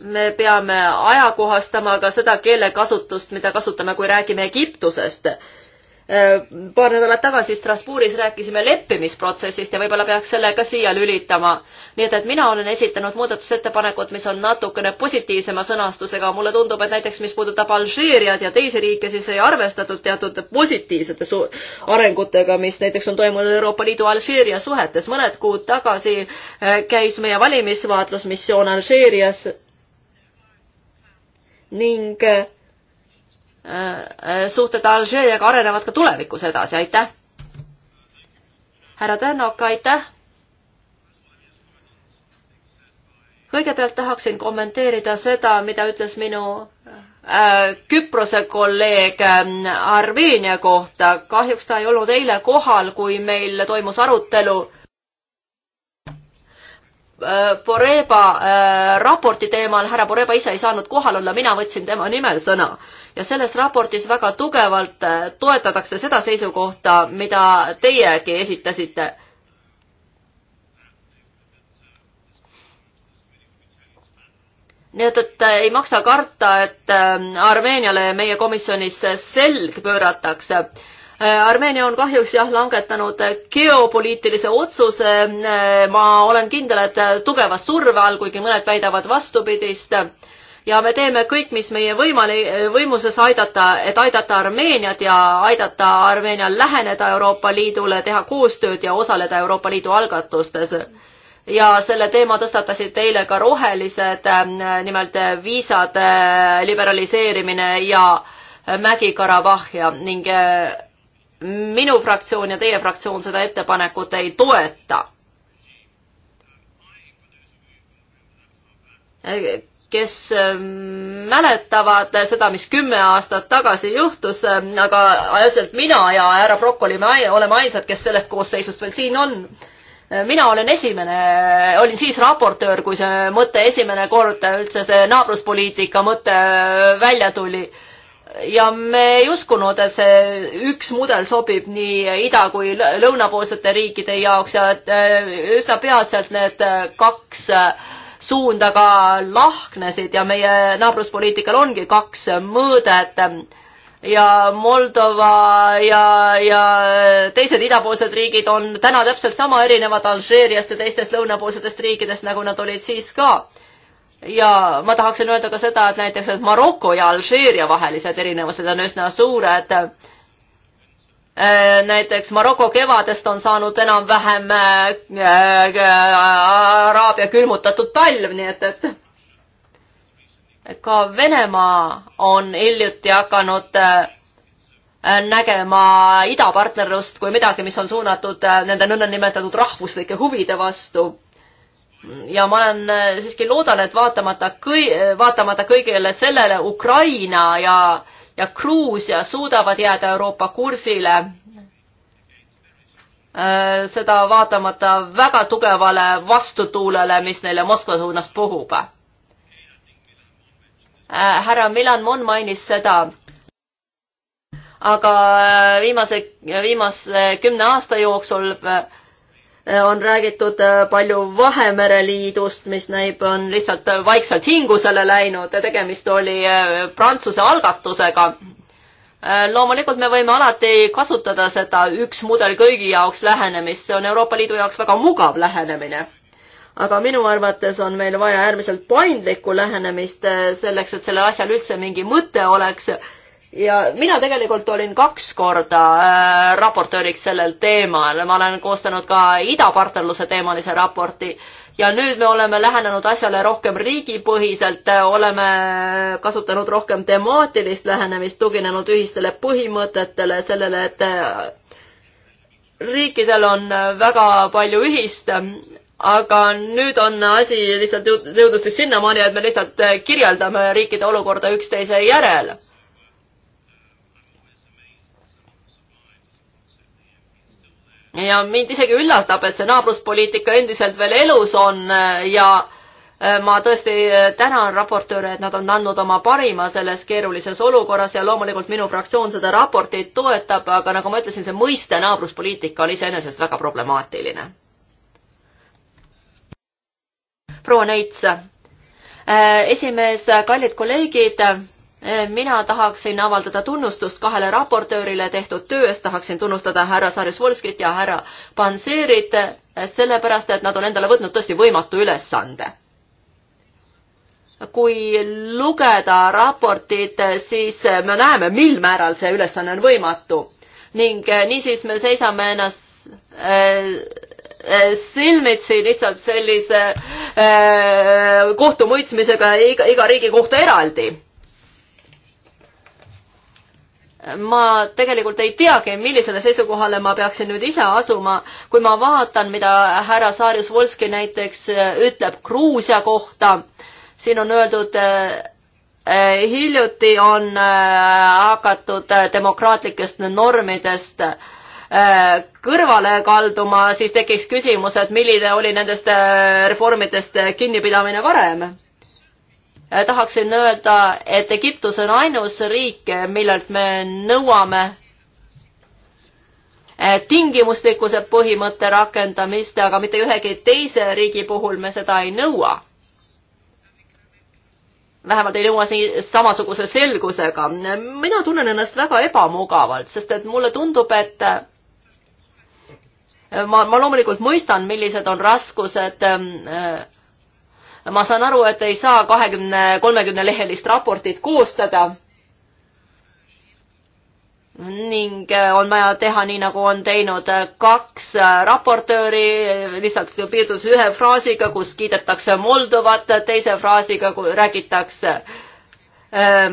me peame ajakohastama ka seda keelekasutust, mida kasutame, kui räägime Egiptusest Äh, paar nädalat tagasi Strasbourgis rääkisime leppimisprotsessist ja võib-olla peaks selle ka siia lülitama. nii et, et mina olen esitanud muudatusettepanekud, mis on natukene positiivsema sõnastusega, mulle tundub, et näiteks mis puudutab Alžeeriat ja teisi riike, siis ei arvestatud teatud positiivsete arengutega, mis näiteks on toimunud Euroopa Liidu Alžeeria suhetes. mõned kuud tagasi äh, käis meie valimisvaatlusmissioon Alžeerias ning äh, suhted Alžeeriaga arenevad ka tulevikus edasi, aitäh! härra Tänak, aitäh! kõigepealt tahaksin kommenteerida seda, mida ütles minu äh, Küprose kolleeg ähm, Armeenia kohta. kahjuks ta ei olnud eile kohal, kui meil toimus arutelu Äh, Poreba äh, raporti teemal, härra Poreba ise ei saanud kohal olla, mina võtsin tema nimel sõna. ja selles raportis väga tugevalt äh, toetatakse seda seisukohta, mida teiegi esitasite. nii et, et ei maksa karta, et Armeeniale meie komisjonis selg pööratakse Äh, Armeenia on kahjuks jah langetanud geopoliitilise otsuse. Äh, ma olen kindel, et äh, tugeva surve all, kuigi mõned väidavad vastupidist. ja me teeme kõik, mis meie võimali-, võimuses aidata, et aidata Armeeniat ja aidata Armeenial läheneda Euroopa Liidule, teha koostööd ja osaleda Euroopa Liidu algatustes ja selle teema tõstatasid eile ka rohelised, nimelt viisade liberaliseerimine ja Mägi-Karabahh ja ning minu fraktsioon ja teie fraktsioon seda ettepanekut ei toeta. kes ähm, mäletavad seda, mis kümme aastat tagasi juhtus, ähm, aga ilmselt mina ja härra Prokk olime, oleme ainsad, kes sellest koosseisust veel siin on mina olen esimene, olin siis raportöör, kui see mõte esimene kord üldse see naabruspoliitika mõte välja tuli ja me ei uskunud, et see üks mudel sobib nii ida kui lõunapoolsete riikide jaoks ja äh, üsna peatselt need äh, kaks äh, suunda ka lahknesid ja meie naabruspoliitikal ongi kaks mõõdet ja Moldova ja, ja teised idapoolsed riigid on täna täpselt sama erinevad Alžeeriast ja teistest lõunapoolsetest riikidest, nagu nad olid siis ka ja ma tahaksin öelda ka seda, et näiteks, et Maroko ja Alžeeria vahelised erinevused on üsna suured. Äh, näiteks Maroko kevadest on saanud enam-vähem äh, äh, Araabia külmutatud talv, nii et, et ka Venemaa on hiljuti hakanud nägema idapartnerlust kui midagi, mis on suunatud nende nõndanimetatud rahvuslike huvide vastu ja ma olen äh, siiski loodan, et vaatamata kõi-, vaatamata kõigele sellele Ukraina ja, ja Gruusia suudavad jääda Euroopa kursile. Äh, seda vaatamata väga tugevale vastutuulele, mis neile Moskva suunast puhub. Äh, härra Milan Mon mainis seda aga viimase, viimase kümne aasta jooksul Eh, on räägitud eh, palju Vahemere liidust, mis näib, on lihtsalt eh, vaikselt hingusele läinud ja tegemist oli Prantsuse algatusega. loomulikult me võime alati kasutada seda üks mudel kõigi jaoks lähenemist, see on Euroopa Liidu jaoks väga mugav lähenemine. aga minu arvates on meil vaja äärmiselt paindlikku lähenemist selleks, et sellel asjal üldse mingi mõte oleks ja mina tegelikult olin kaks korda äh, raportööriks sellel teemal, ma olen koostanud ka idapartnerluse teemalise raporti ja nüüd me oleme lähenenud asjale rohkem riigipõhiselt, äh, oleme kasutanud rohkem temaatilist lähenemist, tuginenud ühistele põhimõtetele, sellele, et äh, riikidel on äh, väga palju ühist, aga nüüd on asi lihtsalt jõudnud siis sinnamaani, et me lihtsalt kirjeldame riikide olukorda üksteise järel ja mind isegi üllatab, et see naabruspoliitika endiselt veel elus on äh, ja äh, ma tõesti äh, tänan raportööre, et nad on andnud oma parima selles keerulises olukorras ja loomulikult minu fraktsioon seda raportit toetab, aga nagu ma ütlesin, see mõiste naabruspoliitika on iseenesest väga problemaatiline. proua Neits, esimees, kallid kolleegid mina tahaksin avaldada tunnustust kahele raportöörile tehtud töö eest, tahaksin tunnustada härra Sarjusvolskit ja härra Panseerit, sellepärast et nad on endale võtnud tõesti võimatu ülesande. kui lugeda raportit, siis me näeme, mil määral see ülesanne on võimatu ning niisiis me seisame ennast äh, silmitsi lihtsalt sellise äh, kohtumõistmisega iga, iga riigi kohta eraldi ma tegelikult ei teagi, millisele seisukohale ma peaksin nüüd ise asuma, kui ma vaatan, mida härra Saarjus Volski näiteks äh, ütleb Gruusia kohta. siin on öeldud, äh, äh, hiljuti on hakatud demokraatlikest normidest kõrvale kalduma, siis tekiks küsimus, et milline oli nendest reformidest kinnipidamine varem Äh, tahaksin öelda, et Egiptus on ainus riik, millelt me nõuame äh, tingimuslikkuse põhimõtte rakendamist, aga mitte ühegi teise riigi puhul me seda ei nõua. vähemalt ei nõua siin samasuguse selgusega. mina tunnen ennast väga ebamugavalt, sest et mulle tundub, et äh, ma, ma loomulikult mõistan, millised on raskused ähm, äh, ma saan aru, et ei saa kahekümne, kolmekümne lehelist raportit koostada. ning eh, on vaja teha nii, nagu on teinud eh, kaks eh, raportööri, lihtsalt piirdus ühe fraasiga, kus kiidetakse Moldovat, teise fraasiga räägitakse äh,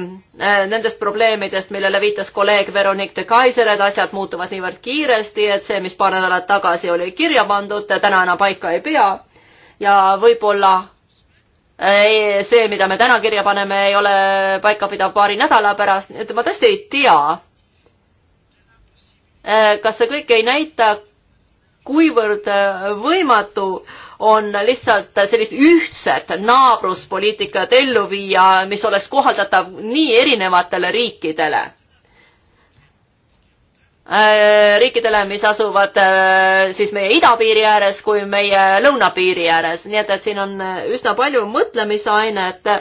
nendest probleemidest, millele viitas kolleeg Veronique de Kaiser, et asjad muutuvad niivõrd kiiresti, et see, mis paar nädalat tagasi oli kirja pandud, täna enam paika ei pea. ja võib-olla see, mida me täna kirja paneme, ei ole paikapidav paari nädala pärast, nii et ma tõesti ei tea. Eh, kas see kõik ei näita, kuivõrd eh, võimatu on lihtsalt sellist ühtset naabruspoliitikat ellu viia, mis oleks kohaldatav nii erinevatele riikidele Äh, riikidele, mis asuvad äh, siis meie idapiiri ääres kui meie lõunapiiri ääres, nii et, et siin on äh, üsna palju mõtlemisainet.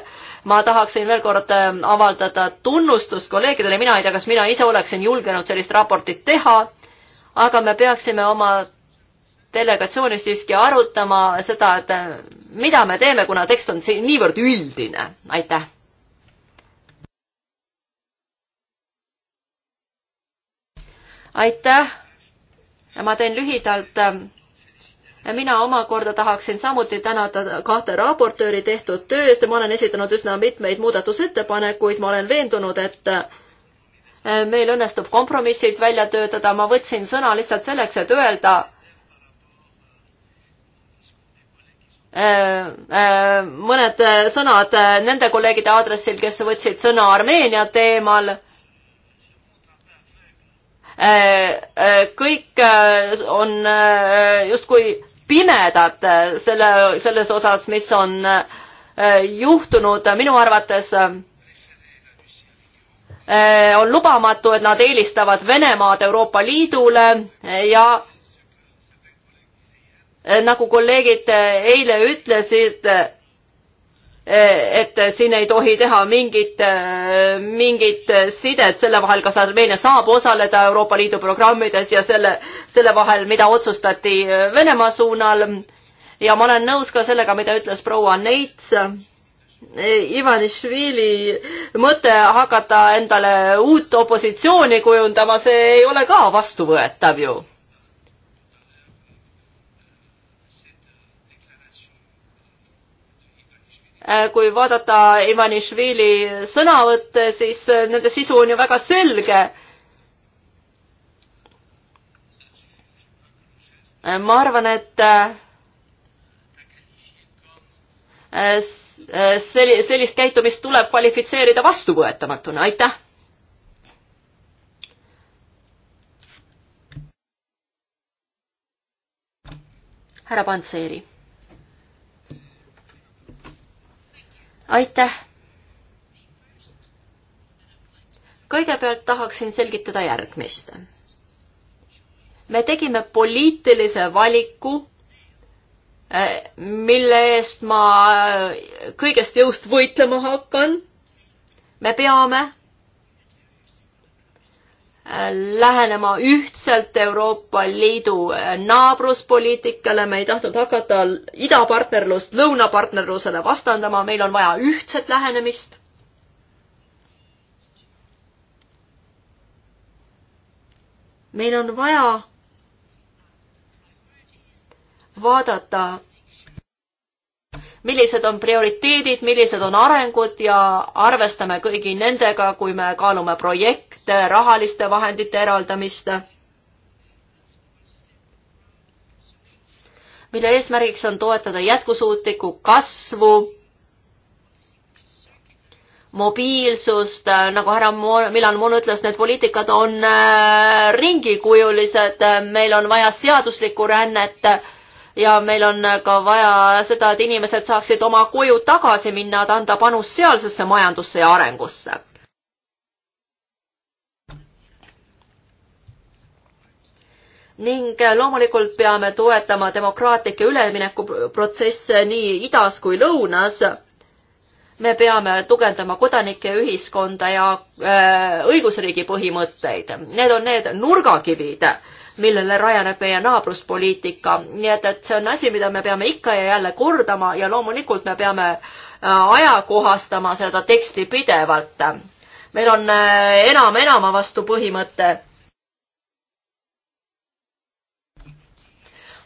ma tahaksin veel kord avaldada tunnustust kolleegidele, mina ei tea, kas mina ise oleksin julgenud sellist raportit teha, aga me peaksime oma delegatsioonis siiski arutama seda, et mida me teeme, kuna tekst on niivõrd üldine. aitäh aitäh. ma teen lühidalt. mina omakorda tahaksin samuti tänada kahte raportööri tehtud töö eest ja ma olen esitanud üsna mitmeid muudatusettepanekuid, ma olen veendunud, et meil õnnestub kompromissid välja töötada, ma võtsin sõna lihtsalt selleks, et öelda, äh, äh, mõned sõnad nende kolleegide aadressil, kes võtsid sõna Armeenia teemal Äh, äh, kõik äh, on justkui pimedad selle, selles osas, mis on juhtunud minu arvates on lubamatu, et nad eelistavad Venemaad Euroopa Liidule ja nagu kolleegid eile ütlesid, et siin ei tohi teha mingit, mingit sidet selle vahel, kas Armeenia saab osaleda Euroopa Liidu programmides ja selle, selle vahel, mida otsustati Venemaa suunal. ja ma olen nõus ka sellega, mida ütles proua Neits. Ivanišvili mõte hakata endale uut opositsiooni kujundama, see ei ole ka vastuvõetav ju Äh, kui vaadata Ivanišvili sõnavõtte, siis äh, nende sisu on ju väga selge. Äh, ma arvan, et selli-, sellist käitumist tuleb kvalifitseerida vastuvõetamatuna, aitäh! härra Pantseri aitäh! kõigepealt tahaksin selgitada järgmist. me tegime poliitilise valiku, eh, mille eest ma eh, kõigest jõust võitlema hakkan. me peame lähenema ühtselt Euroopa Liidu eh, naabruspoliitikale, me ei tahtnud hakata idapartnerlust lõunapartnerlusele vastandama, meil on vaja ühtset lähenemist. meil on vaja vaadata millised on prioriteedid, millised on arengud ja arvestame kõigi nendega, kui me kaalume projekte, rahaliste vahendite eraldamist. mille eesmärgiks on toetada jätkusuutlikku kasvu, mobiilsust, nagu härra Milan Moon ütles, need poliitikad on äh, ringikujulised, meil on vaja seaduslikku rännet ja meil on ka vaja seda, et inimesed saaksid oma koju tagasi minna, et anda panus sealsesse majandusse ja arengusse. ning loomulikult peame toetama demokraatlikke üleminekuprotsesse nii idas kui lõunas me peame tugevdama kodanike ühiskonda ja äh, õigusriigi põhimõtteid. Need on need nurgakivid äh,, millele rajaneb meie naabruspoliitika. nii et, et see on asi, mida me peame ikka ja jälle kordama ja loomulikult me peame äh, ajakohastama seda teksti pidevalt. meil on äh, enam enama vastu põhimõte.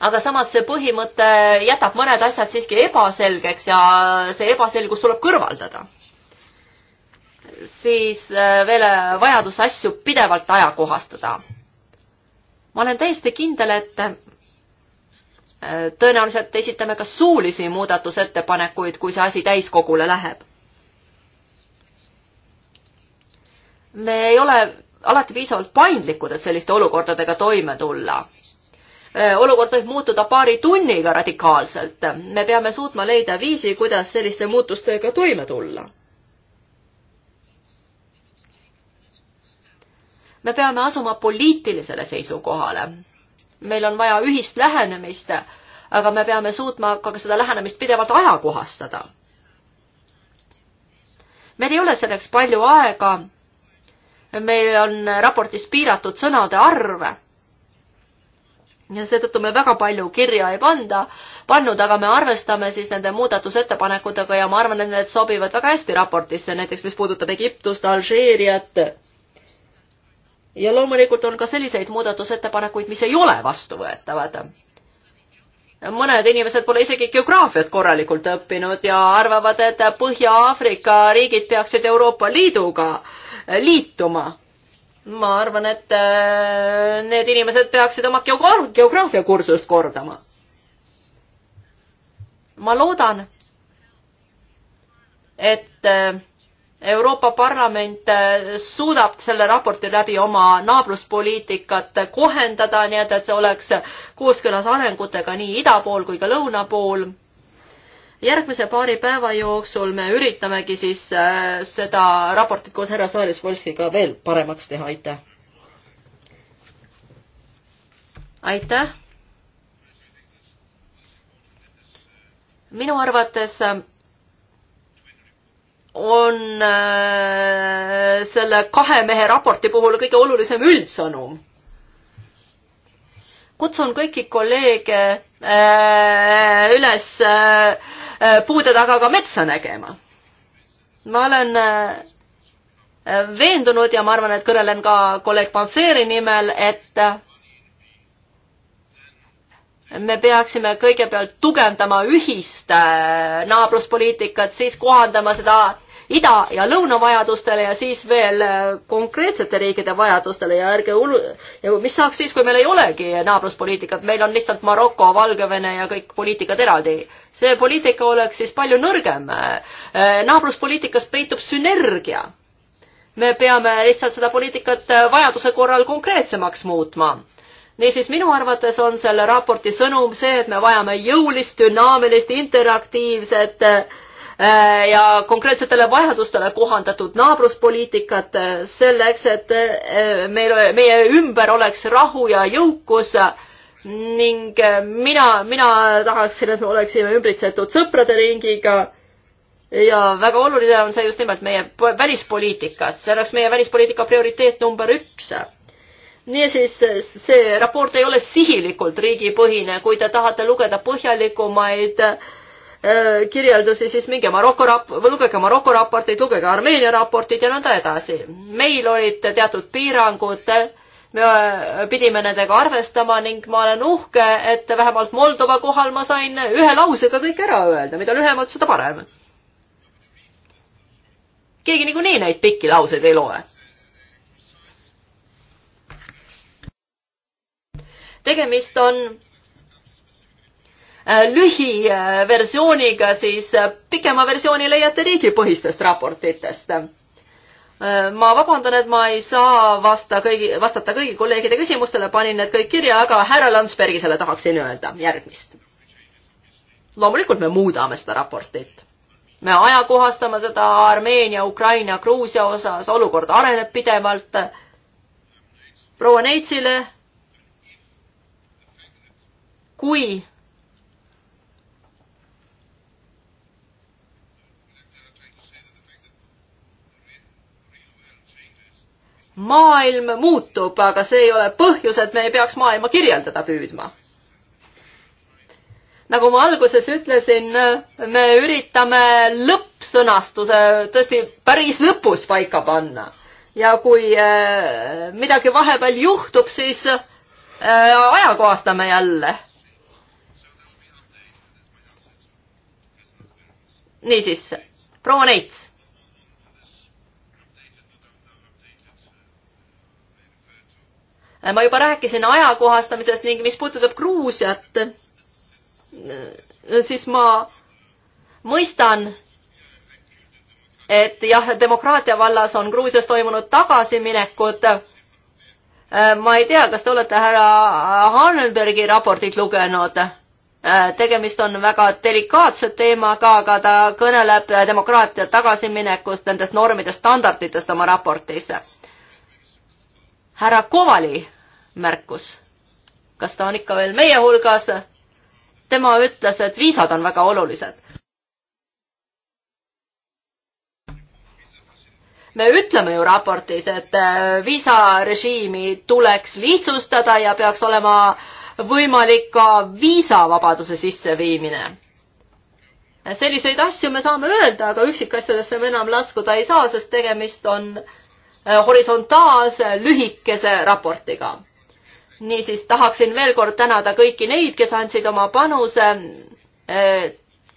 aga samas see põhimõte jätab mõned asjad siiski ebaselgeks ja see ebaselgus tuleb kõrvaldada siis äh, veel vajadus asju pidevalt ajakohastada ma olen täiesti kindel, et äh, tõenäoliselt esitame ka suulisi muudatusettepanekuid, kui see asi täiskogule läheb. me ei ole alati piisavalt paindlikud, et selliste olukordadega toime tulla äh, olukord võib muutuda paari tunniga radikaalselt. me peame suutma leida viisi, kuidas selliste muutustega toime tulla me peame asuma poliitilisele seisukohale. meil on vaja ühist lähenemist, aga me peame suutma ka seda lähenemist pidevalt ajakohastada. meil ei ole selleks palju aega. meil on raportis piiratud sõnade arv ja seetõttu me väga palju kirja ei panda, pannud, aga me arvestame siis nende muudatusettepanekutega ja ma arvan, et need sobivad väga hästi raportisse, näiteks mis puudutab Egiptust, Alžeeriat, ja loomulikult on ka selliseid muudatusettepanekuid, mis ei ole vastuvõetavad. mõned inimesed pole isegi geograafiat korralikult õppinud ja arvavad, et Põhja-Aafrika riigid peaksid Euroopa Liiduga liituma. ma arvan, et äh, need inimesed peaksid oma geograafiakursust kordama. ma loodan, et äh, Euroopa Parlament eh, suudab selle raporti läbi oma naabruspoliitikat kohendada, nii et, et see oleks kooskõlas arengutega nii ida pool kui ka lõuna pool. järgmise paari päeva jooksul me üritamegi siis eh, seda raportit koos härra Saaris-Volskiga veel paremaks teha, aitäh! aitäh! minu arvates eh, on äh, selle kahe mehe raporti puhul kõige olulisem üldsõnum. kutsun kõiki kolleege äh, üles äh, puude taga ka metsa nägema. ma olen veendunud ja ma arvan, et kõnelen ka kolleeg Panseeri nimel, et me peaksime kõigepealt tugevdama ühist naabruspoliitikat, siis kohandama seda ida- ja lõunavajadustele ja siis veel äh, konkreetsete riikide vajadustele ja ärge ulu-, mis saaks siis, kui meil ei olegi naabruspoliitikat, meil on lihtsalt Maroko, Valgevene ja kõik poliitikad eraldi. see poliitika oleks siis palju nõrgem. Äh, naabruspoliitikas peitub sünergia. me peame lihtsalt seda poliitikat äh, vajaduse korral konkreetsemaks muutma niisiis minu arvates on selle raporti sõnum see, et me vajame jõulist, dünaamilist, interaktiivset äh, Äh, ja konkreetsetele vajadustele kohandatud naabruspoliitikat äh, selleks, et äh, meil, meie ümber oleks rahu ja jõukus ning mina, mina tahaksin, et me oleksime ümbritsetud sõprade ringiga ja väga oluline on see just nimelt meie välispoliitikas, see oleks meie välispoliitika prioriteet number üks niisiis, see raport ei ole sihilikult riigipõhine, kui te tahate lugeda põhjalikumaid äh, Äh, kirjeldusi, siis minge Maroko rap-, lugege Maroko raporteid, lugege Armeenia raportid ja nõnda edasi. meil olid teatud piirangud, me äh, pidime nendega arvestama ning ma olen uhke, et vähemalt Moldova kohal ma sain ühe lausega kõik ära öelda, mida lühemalt, seda parem. keegi niikuinii neid pikki lauseid ei loe. tegemist on Äh, lühiversiooniga, äh, siis äh, pikema versiooni leiate riigipõhistest raportitest. ma vabandan, et ma ei saa vasta kõigi, vastata kõigi kolleegide küsimustele, panin need kõik kirja, aga härra Landsbergisele tahaksin öelda järgmist. loomulikult me muudame seda raportit. me ajakohastame seda Armeenia, Ukraina, Gruusia osas, olukord areneb pidevalt. proua Neitsile, kui maailm muutub, aga see ei ole põhjus, et me ei peaks maailma kirjeldada püüdma. nagu ma alguses ütlesin, me üritame lõppsõnastuse tõesti päris lõpus paika panna ja kui äh, midagi vahepeal juhtub, siis äh, ajakohastame jälle. niisiis, proua Neits Äh, ma juba rääkisin ajakohastamisest ning mis puudutab Gruusiat, äh, siis ma mõistan, et jah, demokraatia vallas on Gruusias toimunud tagasiminekud. Äh, ma ei tea, kas te olete härra Harnbergi raportit lugenud? tegemist on väga delikaatse teemaga, aga ta kõneleb demokraatia tagasiminekust, nendest normidest, standarditest oma raportis. härra Kovali märkus. kas ta on ikka veel meie hulgas? tema ütles, et viisad on väga olulised. me ütleme ju raportis, et äh, viisarežiimi tuleks lihtsustada ja peaks olema võimalik ka viisavabaduse sisseviimine selliseid asju me saame öelda, aga üksikasjadesse me enam laskuda ei saa, sest tegemist on äh, horisontaalse lühikese raportiga niisiis tahaksin veel kord tänada kõiki neid, kes andsid oma panuse. E,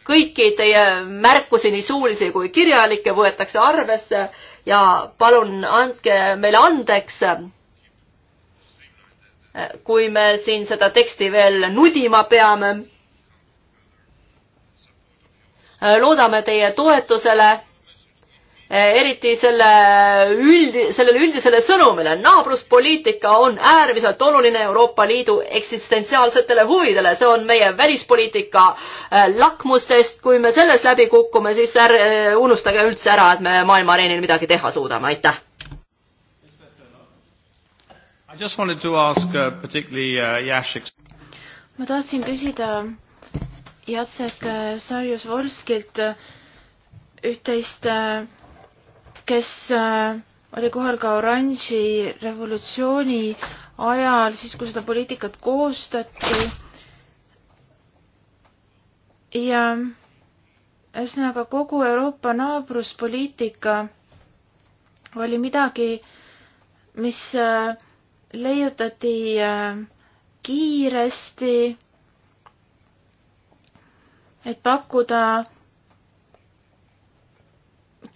kõiki teie märkusi, nii suulisi kui kirjalikke, võetakse arvesse ja palun andke meile andeks, e, kui me siin seda teksti veel nudima peame. E, loodame teie toetusele Eh, eriti selle üldi, sellele üldisele sõnumile. naabruspoliitika on äärmiselt oluline Euroopa Liidu eksistentsiaalsetele huvidele, see on meie välispoliitika eh, lakmustest. kui me selles läbi kukume, siis ärge eh, unustage üldse ära, et me maailma areenil midagi teha suudame, aitäh. I just wanted to ask uh, particularly uh, Jacek. ma tahtsin küsida Jacek äh, Sarjus-Volskilt äh, üht-teist uh, äh, kes äh, oli kohal ka oranži revolutsiooni ajal, siis kui seda poliitikat koostati. ja ühesõnaga kogu Euroopa naabruspoliitika oli midagi, mis äh, leiutati äh, kiiresti, et pakkuda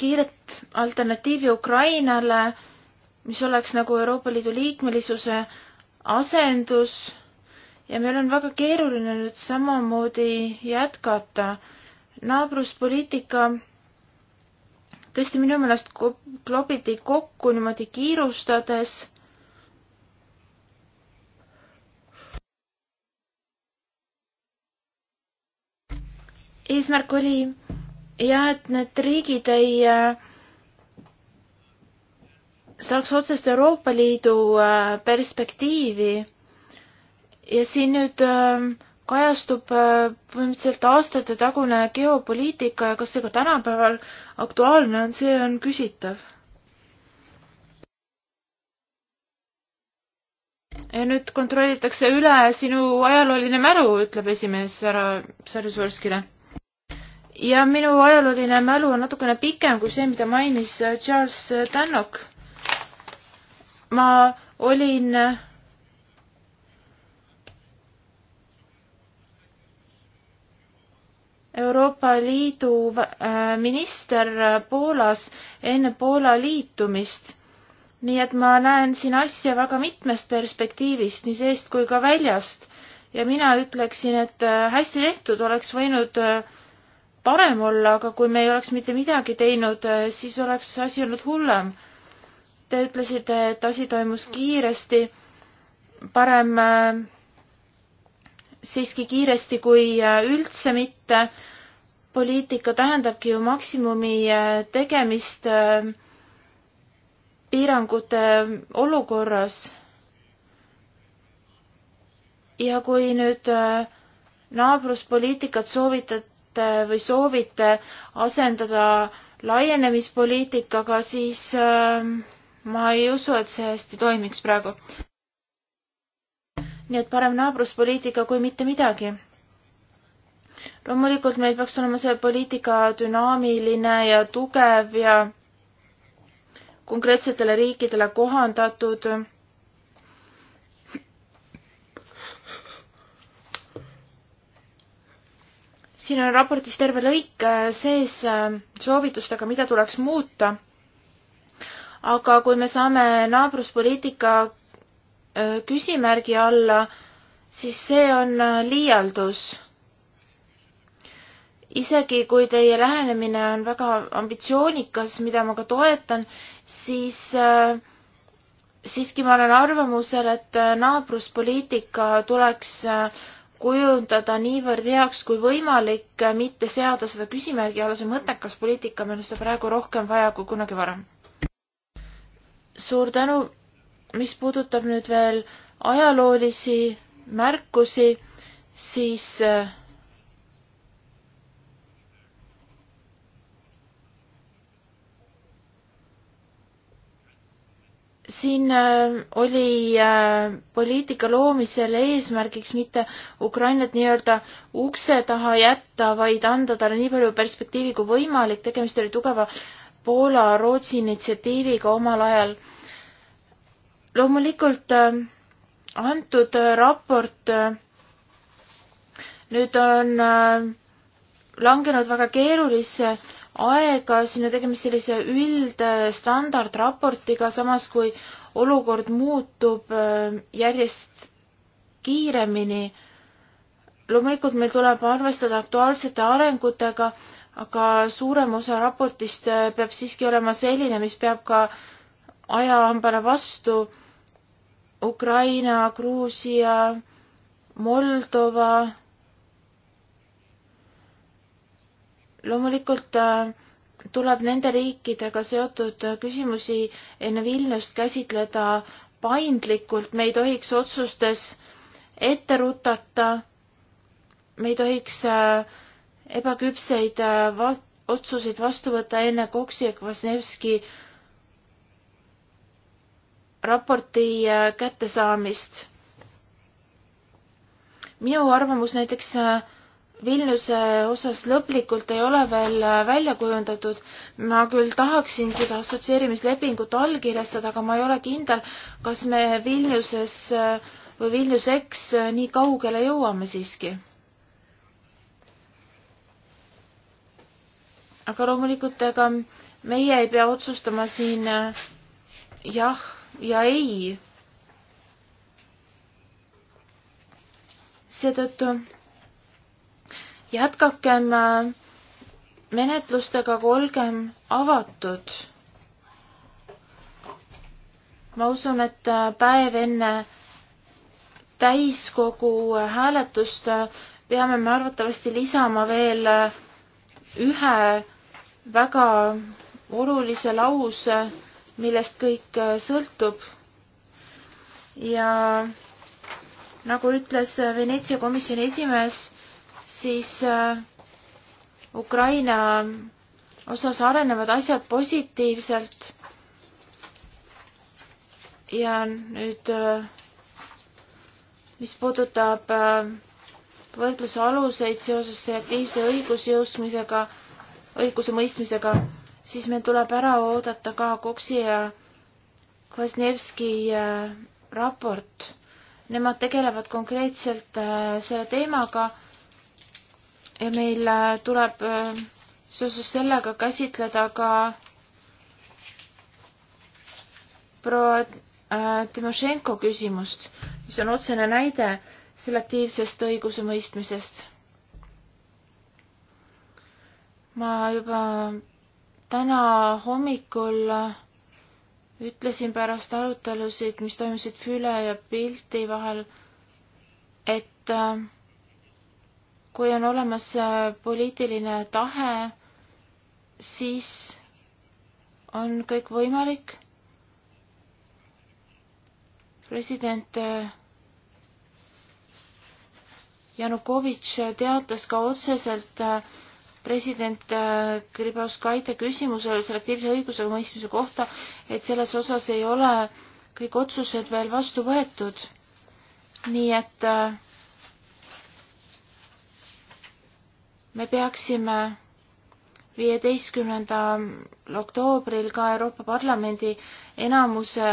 kiiret alternatiivi Ukrainale, mis oleks nagu Euroopa Liidu liikmelisuse asendus ja meil on väga keeruline nüüd samamoodi jätkata. naabruspoliitika tõesti minu meelest klobiti kokku niimoodi kiirustades. eesmärk oli ja et need riigid ei äh, saaks otsest Euroopa Liidu äh, perspektiivi. ja siin nüüd ähm, kajastub äh, põhimõtteliselt aastatetagune geopoliitika ja kas see ka tänapäeval aktuaalne on, see on küsitav. ja nüüd kontrollitakse üle sinu ajalooline mälu, ütleb esimees härra Sarjusvorskile ja minu ajalooline mälu on natukene pikem kui see, mida mainis äh, Charles äh, Tannock. ma olin äh, Euroopa Liidu minister Poolas enne Poola liitumist. nii et ma näen siin asja väga mitmest perspektiivist, nii seest kui ka väljast. ja mina ütleksin, et hästi tehtud, oleks võinud äh, parem olla, aga kui me ei oleks mitte midagi teinud, eh, siis oleks asi olnud hullem. Te ütlesite, et asi toimus kiiresti, parem eh, siiski kiiresti kui eh, üldse mitte. poliitika tähendabki ju maksimumi tegemist piirangute olukorras. ja kui nüüd naabruspoliitikat soovitad, tahate äh, või soovite asendada laienemispoliitikaga, siis ähm, ma ei usu, et see hästi toimiks praegu. nii et parem naabruspoliitika kui mitte midagi. loomulikult meil peaks olema see poliitika dünaamiline ja tugev ja konkreetsetele riikidele kohandatud siin on raportis terve lõik äh, sees äh, soovitustega, mida tuleks muuta. aga kui me saame naabruspoliitika äh, küsimärgi alla, siis see on liialdus. isegi kui teie lähenemine on väga ambitsioonikas, mida ma ka toetan, siis siiski ma olen arvamusel, et naabruspoliitika tuleks kujundada niivõrd heaks kui võimalik, äh, mitte seada seda küsimärgi alla, see mõttekas poliitika, meil on seda praegu rohkem vaja kui kunagi varem. suur tänu, mis puudutab nüüd veel ajaloolisi märkusi, siis äh, siin äh, oli äh, poliitika loomisel eesmärgiks mitte Ukrainat nii-öelda ukse taha jätta, vaid anda talle nii palju perspektiivi kui võimalik, tegemist oli tugeva Poola-Rootsi initsiatiiviga omal ajal. loomulikult äh, antud raport nüüd on langenud väga keerulisse aega, siin on tegemist sellise üldstandardraportiga, äh, samas kui olukord muutub äh, järjest kiiremini. loomulikult meil tuleb arvestada aktuaalsete arengutega, aga suurem osa raportist äh, peab siiski olema selline, mis peab ka ajahambale vastu Ukraina, Gruusia, Moldova loomulikult äh, tuleb nende riikidega seotud äh, küsimusi enne Vilniust käsitleda paindlikult, me ei tohiks otsustes ette rutata, me ei tohiks äh, ebaküpseid va-, otsuseid vastu võtta enne Koksi ja Kvasnevski raporti kättesaamist. minu arvamus näiteks äh, Vilniuse osas lõplikult ei ole veel välja kujundatud. ma küll tahaksin seda assotsieerimislepingut allkirjastada, aga ma ei ole kindel, kas me Vilniuses äh, või Vilniuseks äh, nii kaugele jõuame siiski. aga loomulikult, ega meie ei pea otsustama siin äh, jah ja ei. seetõttu jätkakem äh, menetlustega, aga olgem avatud. ma usun, et äh, päev enne täiskogu äh, hääletust peame me arvatavasti lisama veel ühe väga olulise lause, millest kõik sõltub. ja nagu ütles Veneetsia komisjoni esimees, siis äh, Ukraina osas arenevad asjad positiivselt. ja nüüd, äh, mis puudutab äh, võrdluse aluseid seoses aktiivse õigusjõustmisega, õigusemõistmisega, siis meil tuleb ära oodata ka Koksi ja Kvasnevski raport. Nemad tegelevad konkreetselt selle teemaga meil äh, tuleb äh, seoses sellega käsitleda ka proua äh, Timošenko küsimust, mis on otsene näide selektiivsest õigusemõistmisest. ma juba täna hommikul ütlesin pärast arutelusid, mis toimusid Füle ja Pilti vahel, et äh, kui on olemas äh, poliitiline tahe, siis on kõik võimalik. president äh, Janukovitš teatas ka otseselt äh, president Kribauskaite küsimusele selektiivse õiguse mõistmise kohta, et selles osas ei ole kõik otsused veel vastu võetud. nii et äh, me peaksime viieteistkümnendal oktoobril ka Euroopa Parlamendi enamuse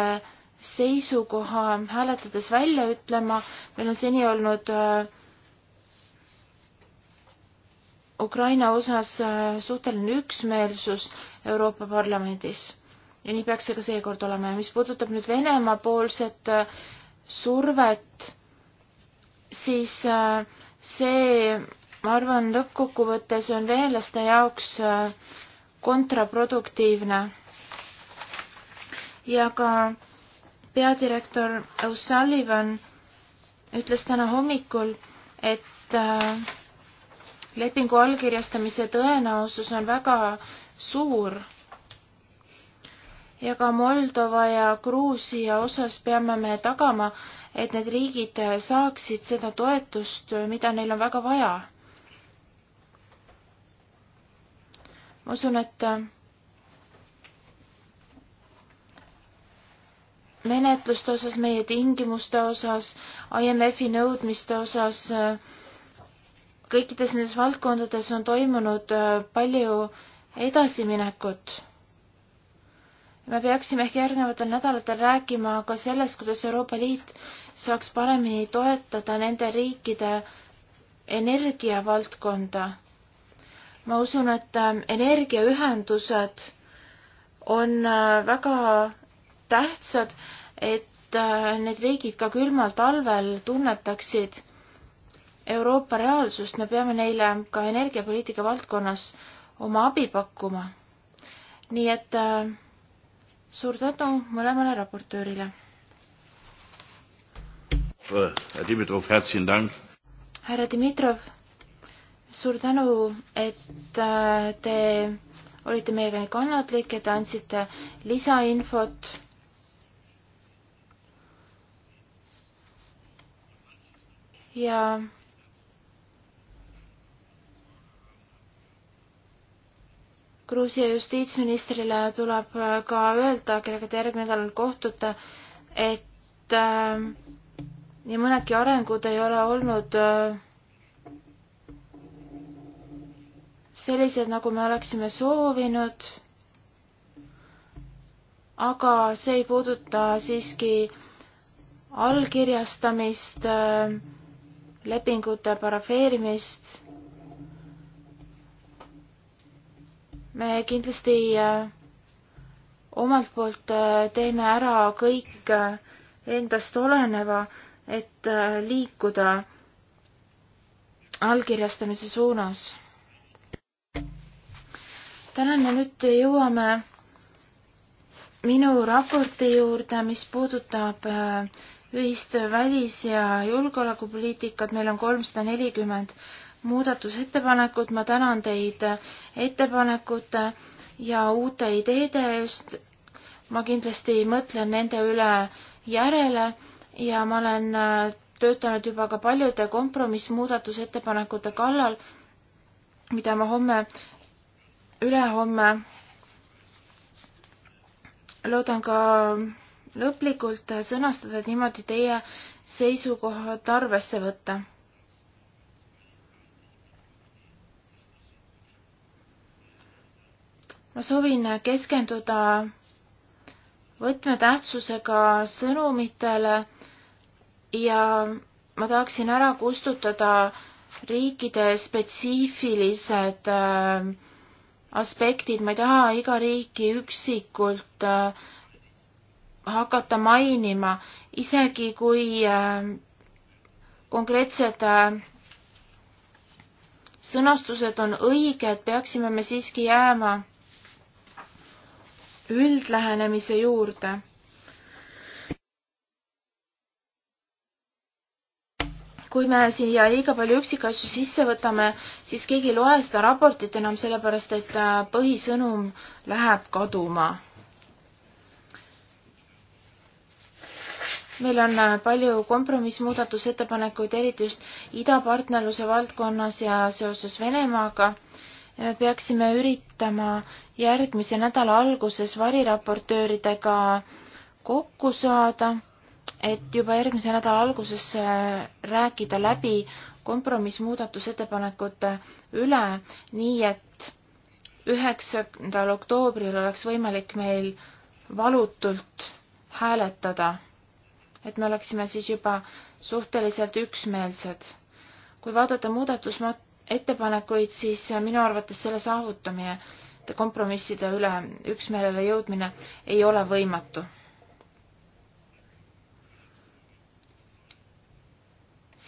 seisukoha hääletades välja ütlema, meil on seni olnud äh, Ukraina osas äh, suhteline üksmeelsus Euroopa Parlamendis ja nii peaks see ka seekord olema ja mis puudutab nüüd Venemaa poolset äh, survet, siis see ma arvan, lõppkokkuvõttes on veelaste jaoks äh, kontraproduktiivne. ja ka peadirektor O'Sullivan ütles täna hommikul, et äh, lepingu allkirjastamise tõenäosus on väga suur. ja ka Moldova ja Gruusia osas peame me tagama, et need riigid saaksid seda toetust, mida neil on väga vaja ma usun, et äh, menetluste osas, meie tingimuste osas, IMF-i nõudmiste osas, äh, kõikides nendes valdkondades on toimunud äh, palju edasiminekut me peaksime ehk järgnevatel nädalatel rääkima ka sellest, kuidas Euroopa Liit saaks paremini toetada nende riikide energiavaldkonda ma usun, et ähm, energiaühendused on äh, väga tähtsad, et äh, need riigid ka külmal talvel tunnetaksid Euroopa reaalsust, me peame neile ka energiapoliitika valdkonnas oma abi pakkuma. nii et äh, suur tänu mõlemale raportöörile. härra Dimitrov, härra Dimitrov suur tänu, et äh, te olite meiega nii kannatlik ja te andsite lisainfot. ja Gruusia justiitsministrile tuleb äh, ka öelda, kellega te järgmine nädal kohtute, et äh, nii mõnedki arengud ei ole olnud äh, sellised, nagu me oleksime soovinud, aga see ei puuduta siiski allkirjastamist, äh, lepingute parafeerimist. me kindlasti äh, omalt poolt äh, teeme ära kõik endast oleneva, et liikuda allkirjastamise suunas tänan ja nüüd jõuame minu raporti juurde, mis puudutab äh, ühist välis- ja julgeolekupoliitikat, meil on kolmsada nelikümmend muudatusettepanekut, ma tänan teid ettepanekute ja uute ideede eest. ma kindlasti mõtlen nende üle järele ja ma olen äh, töötanud juba ka paljude kompromissmuudatusettepanekute kallal, mida ma homme ülehomme loodan ka lõplikult sõnastada, et niimoodi teie seisukohad arvesse võtta. ma soovin keskenduda võtmetähtsusega sõnumitele ja ma tahaksin ära kustutada riikide spetsiifilised äh, aspektid, ma ei taha iga riiki üksikult äh, hakata mainima, isegi kui äh, konkreetsed äh, sõnastused on õiged, peaksime me siiski jääma üldlähenemise juurde kui me siia liiga palju üksikasju sisse võtame, siis keegi ei loe seda raportit enam, sellepärast et äh, põhisõnum läheb kaduma. meil on äh, palju kompromissmuudatusettepanekuid, eriti just idapartnerluse valdkonnas ja seoses Venemaaga ja me peaksime üritama järgmise nädala alguses variraportööridega kokku saada et juba järgmise nädala alguses äh, rääkida läbi kompromissmuudatusettepanekute üle, nii et üheksandal oktoobril oleks võimalik meil valutult hääletada. et me oleksime siis juba suhteliselt üksmeelsed. kui vaadata muudatusettepanekuid, siis minu arvates selle saavutamine, kompromisside üle üksmeelele jõudmine ei ole võimatu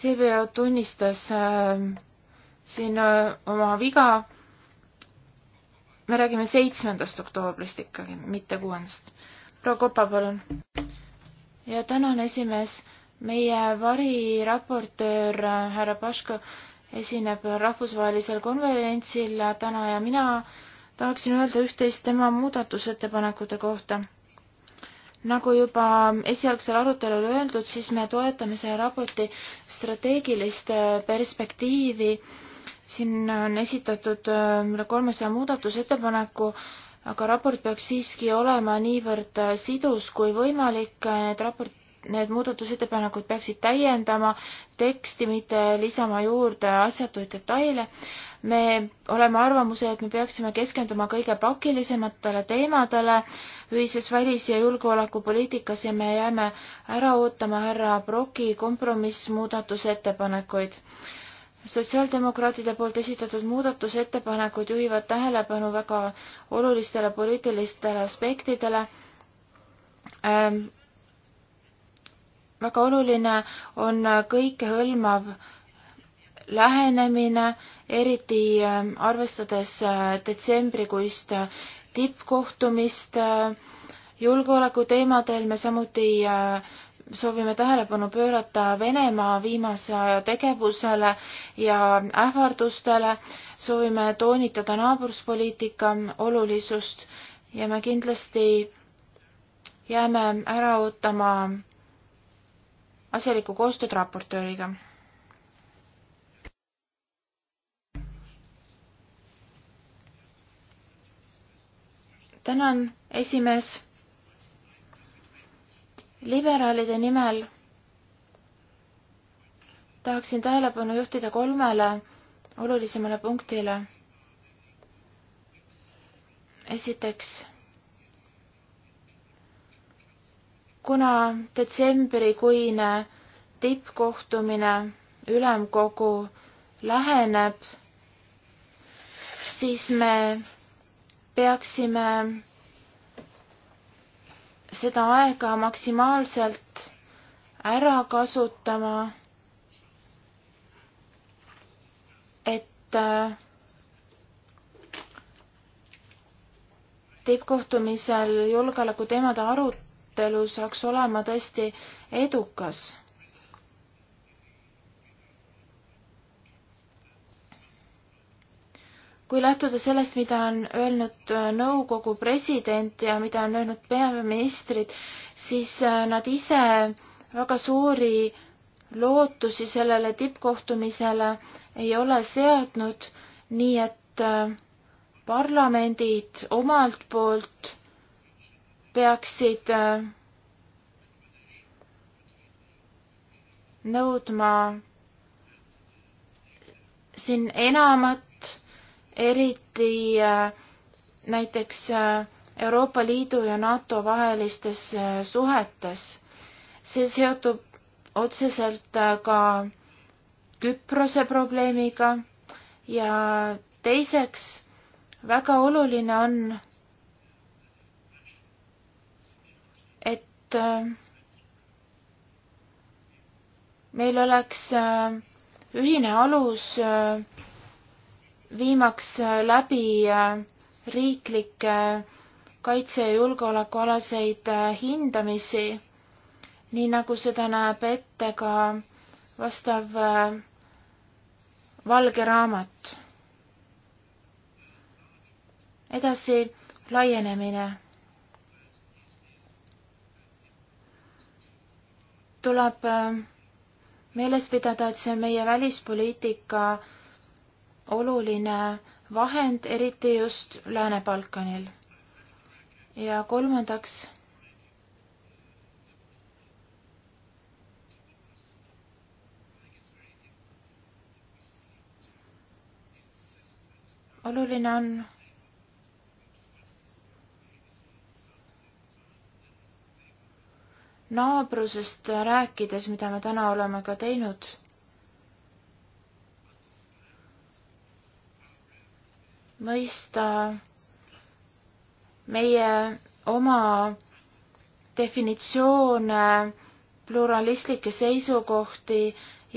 CBO tunnistas äh, siin äh, oma viga. me räägime seitsmendast oktoobrist ikkagi, mitte kuuendast. proua Kopa, palun. ja tänan, esimees. meie variraportöör äh, härra Paško esineb rahvusvahelisel konverentsil täna ja mina tahaksin öelda üht-teist tema muudatusettepanekute kohta nagu juba esialgsel arutelul öeldud, siis me toetame selle raporti strateegilist äh, perspektiivi. siin on esitatud äh, üle kolmesaja muudatusettepaneku, aga raport peaks siiski olema niivõrd äh, sidus kui võimalik, need raport, need muudatusettepanekud peaksid täiendama teksti, mitte lisama juurde asjatuid detaile me oleme arvamusel, et me peaksime keskenduma kõige pakilisematele teemadele ühises välis- ja julgeolekupoliitikas ja me jääme ära ootama härra Broki kompromissmuudatusettepanekuid. sotsiaaldemokraatide poolt esitatud muudatusettepanekud juhivad tähelepanu väga olulistele poliitilistele aspektidele ähm,. väga oluline on kõikehõlmav lähenemine, eriti ähm, arvestades äh, detsembrikuist äh, tippkohtumist äh, julgeoleku teemadel me samuti soovime tähelepanu pöörata Venemaa viimase aja tegevusele ja ähvardustele, soovime toonitada naabruspoliitika olulisust ja me kindlasti jääme ära ootama asjalikku koostööd raportööriga tänan, esimees. liberaalide nimel tahaksin tähelepanu juhtida kolmele olulisemale punktile. esiteks, kuna detsembrikuine tippkohtumine ülemkogu läheneb, siis me peaksime seda aega maksimaalselt ära kasutama, et äh, tippkohtumisel julgeolekuteemade arutelu saaks olema tõesti edukas kui lähtuda sellest, mida on öelnud äh, nõukogu president ja mida on öelnud peaministrid, siis äh, nad ise väga suuri lootusi sellele tippkohtumisele ei ole seadnud, nii et äh, parlamendid omalt poolt peaksid nõudma siin enamat eriti äh, näiteks äh, Euroopa Liidu ja NATO vahelistes äh, suhetes. see seotub otseselt ka Küprose probleemiga ja teiseks väga oluline on, et meil oleks ühine alus viimaks äh, läbi äh, riiklikke äh, kaitse- ja julgeolekualaseid hindamisi, nii nagu seda näeb ette ka vastav valge raamat. edasi laienemine. tuleb meeles pidada, et see on meie välispoliitika oluline vahend, eriti just Lääne-Balkanil. ja kolmandaks oluline on naabrusest rääkides, mida me täna oleme ka teinud mõista meie oma definitsioone, pluralistlikke seisukohti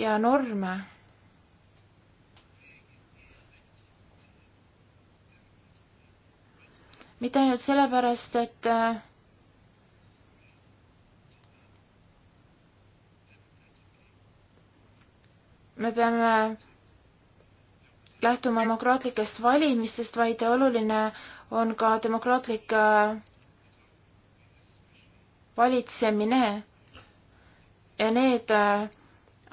ja norme. mitte ainult sellepärast, et me peame lähtuma demokraatlikest valimistest, vaid oluline on ka demokraatlik äh, valitsemine. ja need äh,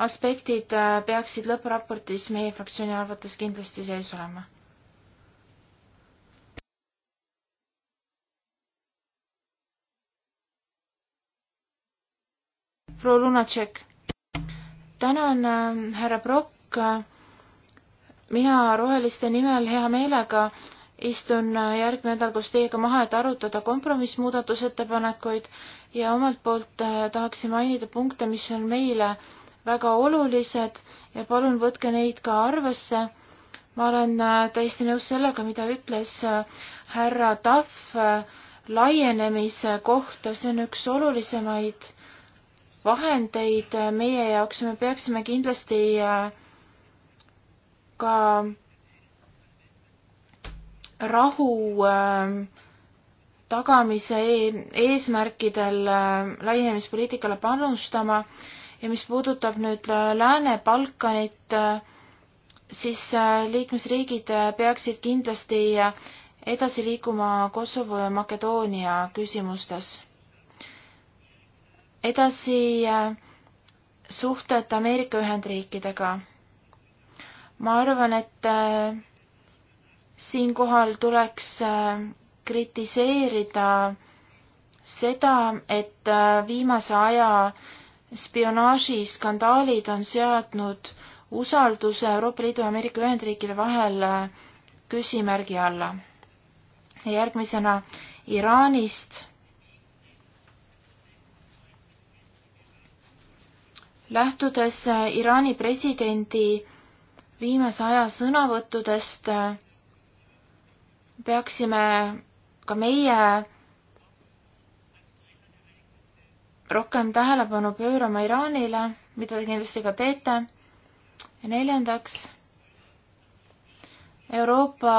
aspektid äh, peaksid lõppraportis meie fraktsiooni arvates kindlasti sees olema. proua Lunatšek, tänan härra Prokk mina Roheliste nimel hea meelega istun järgmine nädal koos teiega maha, et arutada kompromissmuudatusettepanekuid ja omalt poolt äh, tahaksin mainida punkte, mis on meile väga olulised ja palun võtke neid ka arvesse. ma olen äh, täiesti nõus sellega, mida ütles äh, härra Tahv laienemise kohta, see on üks olulisemaid vahendeid meie jaoks ja me peaksime kindlasti äh, ka rahu äh, tagamise e-, eesmärkidel äh, laienemispoliitikale panustama ja mis puudutab nüüd äh, Lääne-Balkanit, siis liikmesriigid peaksid kindlasti edasi liikuma Kosovo ja Makedoonia küsimustes. edasi suhted Ameerika Ühendriikidega ma arvan, et äh, siinkohal tuleks äh, kritiseerida seda, et äh, viimase aja spionaažiskandaalid on seadnud usalduse Euroopa Liidu ja Ameerika Ühendriikide vahel küsimärgi alla. järgmisena Iraanist. lähtudes Iraani presidendi viimase aja sõnavõttudest peaksime ka meie rohkem tähelepanu pöörama Iraanile, mida te kindlasti ka teete. ja neljandaks, Euroopa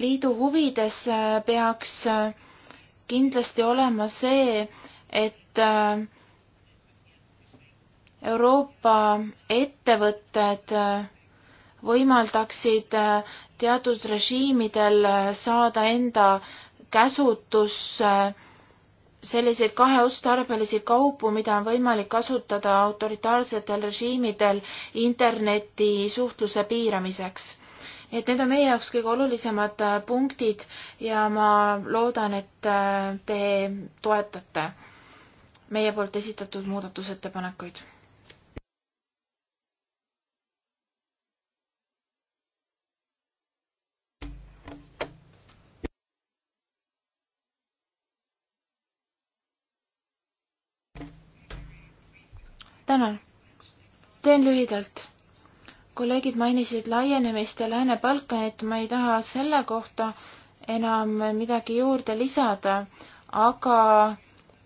Liidu huvides peaks kindlasti olema see, et äh, Euroopa ettevõtted äh, võimaldaksid äh, teatud režiimidel äh, saada enda käsutusse selliseid kaheotstarbelisi kaupu, mida on võimalik kasutada autoritaarsetel režiimidel internetisuhtluse piiramiseks. et need on meie jaoks kõige olulisemad punktid ja ma loodan, et te toetate meie poolt esitatud muudatusettepanekuid tänan. teen lühidalt. kolleegid mainisid laienemist ja Lääne-Balkanit, ma ei taha selle kohta enam midagi juurde lisada, aga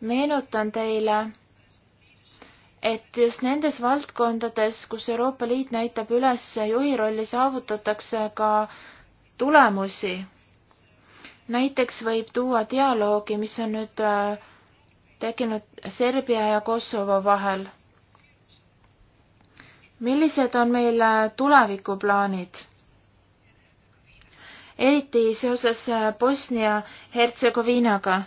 meenutan teile, et just nendes valdkondades, kus Euroopa Liit näitab üles juhi rolli, saavutatakse ka tulemusi. näiteks võib tuua dialoogi, mis on nüüd äh, tekkinud Serbia ja Kosovo vahel millised on meil äh, tulevikuplaanid? eriti seoses äh, Bosnia-Hertsegoviinaga.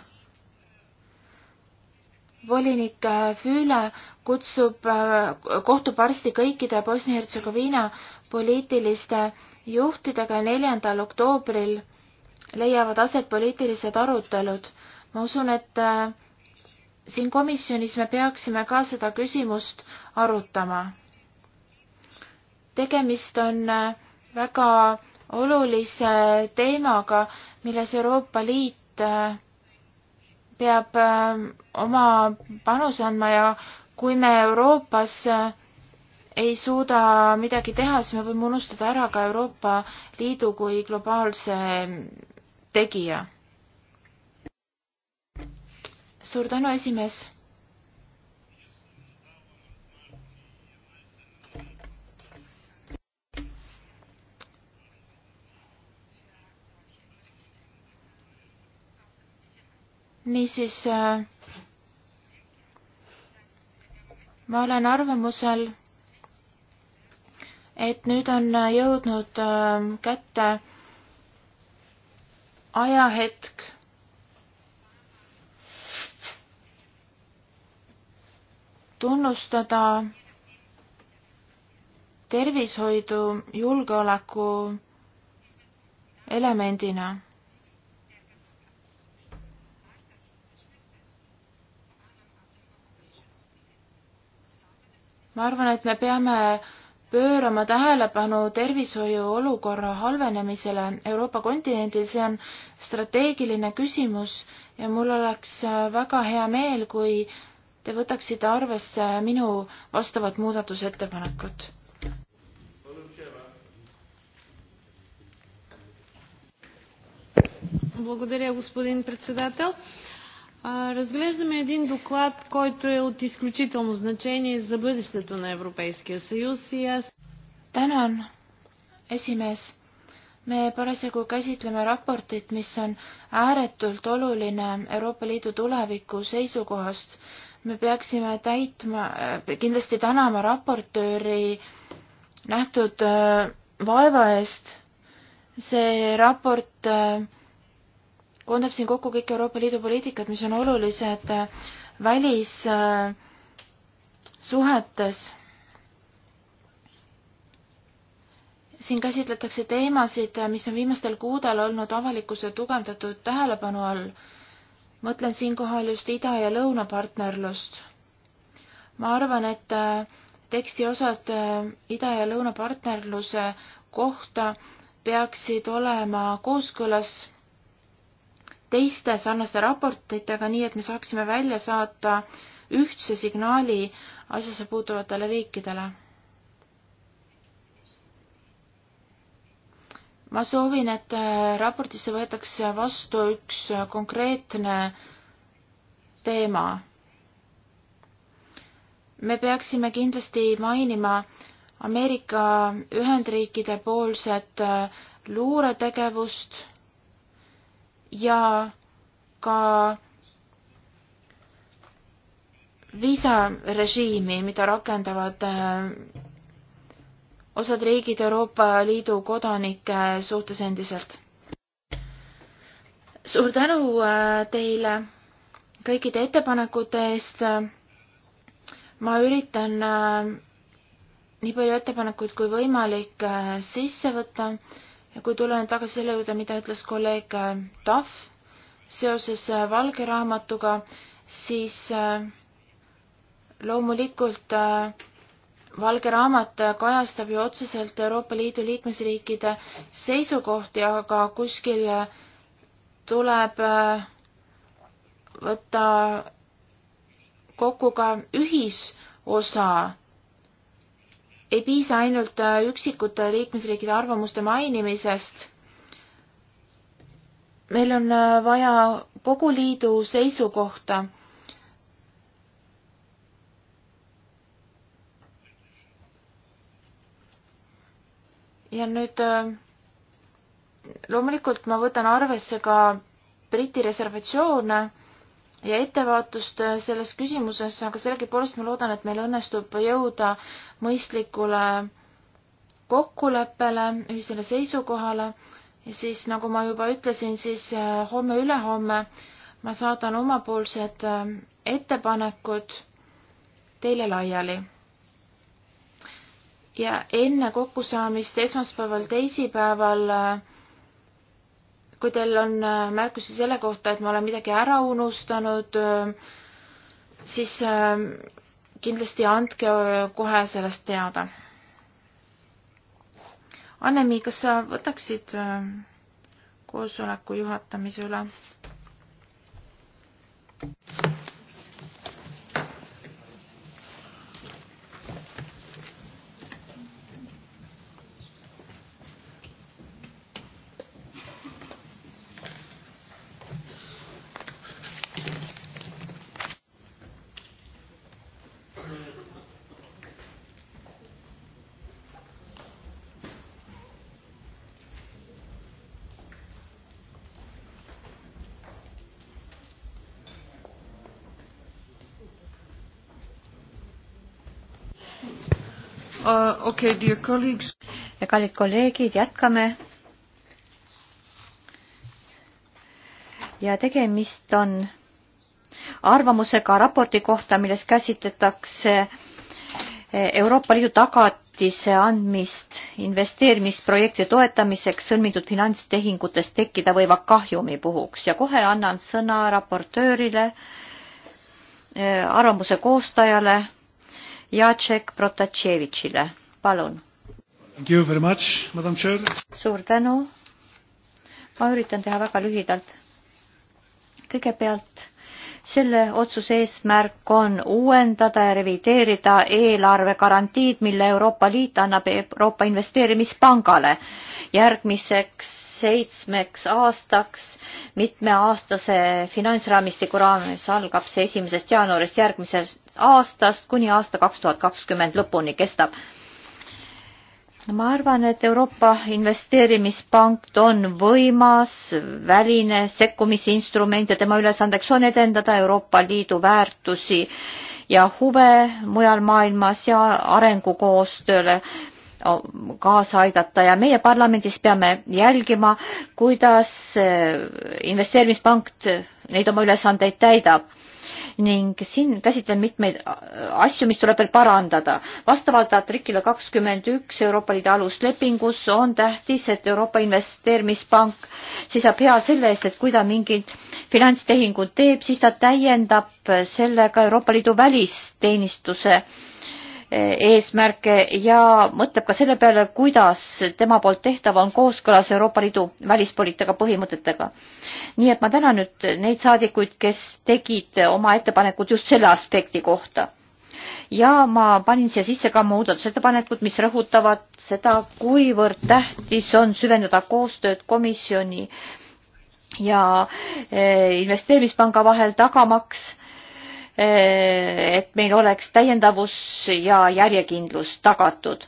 volinik äh, Füüle kutsub, kohtub varsti kõikide Bosnia-Hertsegoviina poliitiliste juhtidega neljandal oktoobril leiavad aset poliitilised arutelud. ma usun, et siin komisjonis me peaksime ka seda küsimust arutama tegemist on äh, väga olulise teemaga, milles Euroopa Liit äh, peab äh, oma panuse andma ja kui me Euroopas ei suuda midagi teha, siis me võime unustada ära ka Euroopa Liidu kui globaalse mm, tegija. suur tänu, esimees niisiis äh, ma olen arvamusel, et nüüd on äh, jõudnud äh, kätte ajahetk, tunnustada tervishoidu julgeoleku elemendina ma arvan, et me peame pöörama tähelepanu tervishoiu olukorra halvenemisele Euroopa kontinendil, see on strateegiline küsimus ja mul oleks väga hea meel, kui te võtaksite arvesse minu vastavat muudatusettepanekut. Благодаря, господин председател. Разглеждаме един доклад, който е от изключително значение за бъдещето на Европейския съюз и аз... Tänan, esimees. Me parasjagu käsitleme raportit, mis on ääretult oluline Euroopa Liidu tuleviku seisukohast. Me peaksime täitma, kindlasti tänama raportööri nähtud äh, vaeva eest. See raport äh, koondab siin kokku kõik Euroopa Liidu poliitikad, mis on olulised äh, välissuhetes. Äh, siin käsitletakse teemasid, äh, mis on viimastel kuudel olnud avalikkuse tugevdatud tähelepanu all. mõtlen siinkohal just ida- ja lõunapartnerlust. ma arvan, et teksti osad ida- ja lõunapartnerluse kohta peaksid olema kooskõlas teiste sarnaste raportitega, nii et me saaksime välja saata ühtse signaali asjasse puutuvatele riikidele. ma soovin, et raportisse võetaks vastu üks konkreetne teema. me peaksime kindlasti mainima Ameerika Ühendriikide poolset luuretegevust ja ka viisarežiimi, mida rakendavad äh, osad riigid Euroopa Liidu kodanike suhtes endiselt. suur tänu äh, teile kõikide ettepanekute eest. ma üritan äh, nii palju ettepanekuid kui võimalik sisse võtta ja kui tulla nüüd tagasi selle juurde, mida ütles kolleeg äh, Tahv seoses äh, valge raamatuga, siis äh, loomulikult valge raamat kajastab ju otseselt Euroopa Liidu liikmesriikide seisukohti, aga kuskil tuleb võtta kokku ka ühisosa ei piisa ainult äh, üksikute liikmesriikide arvamuste mainimisest. meil on äh, vaja kogu liidu seisukohta. ja nüüd äh, loomulikult ma võtan arvesse ka Briti reservatsioone ja ettevaatust äh, selles küsimuses, aga sellegipoolest ma loodan, et meil õnnestub jõuda mõistlikule kokkuleppele, ühisele seisukohale ja siis, nagu ma juba ütlesin, siis äh, homme-ülehomme ma saadan omapoolsed äh, ettepanekud teile laiali. ja enne kokkusaamist esmaspäeval, teisipäeval äh, kui teil on äh, märkusi selle kohta, et ma olen midagi ära unustanud, äh, siis äh, kindlasti andke kohe sellest teada. Annemi, kas sa võtaksid koosoleku juhatamise üle? okay, dear colleagues. kallid kolleegid, jätkame. ja tegemist on arvamusega raporti kohta, milles käsitletakse Euroopa Liidu tagatise andmist investeerimisprojekti toetamiseks sõlmitud finantstehingutest tekkida võiva kahjumi puhuks ja kohe annan sõna raportöörile, eh, arvamuse koostajale Jacek Protatševitšile palun. suur tänu. ma üritan teha väga lühidalt. kõigepealt selle otsuse eesmärk on uuendada ja revideerida eelarvegarantiid, mille Euroopa Liit annab Euroopa Investeerimispangale järgmiseks seitsmeks aastaks mitmeaastase finantsraamistiku raames algab see esimesest jaanuarist järgmisest aastast kuni aasta kaks tuhat kakskümmend lõpuni kestab ma arvan, et Euroopa Investeerimispank on võimas väline sekkumisinstrument ja tema ülesandeks on edendada Euroopa Liidu väärtusi ja huve mujal maailmas ja arengukoostööle kaasa aidata ja meie parlamendis peame jälgima, kuidas investeerimispank neid oma ülesandeid täidab ning siin käsitlen mitmeid asju, mis tuleb veel parandada. vastavalt artiklile kakskümmend üks Euroopa Liidu aluslepingus on tähtis, et Euroopa Investeerimispank seisab hea selle eest, et kui ta mingit finantstehingut teeb, siis ta täiendab sellega Euroopa Liidu välisteenistuse eesmärke ja mõtleb ka selle peale, kuidas tema poolt tehtav on kooskõlas Euroopa Liidu välispoliitika põhimõtetega. nii et ma tänan nüüd neid saadikuid, kes tegid oma ettepanekud just selle aspekti kohta. ja ma panin siia sisse ka muudatusettepanekud, mis rõhutavad seda, kuivõrd tähtis on süvendada koostööd komisjoni ja eh, investeerimispanga vahel tagamaks et meil oleks täiendavus ja järjekindlus tagatud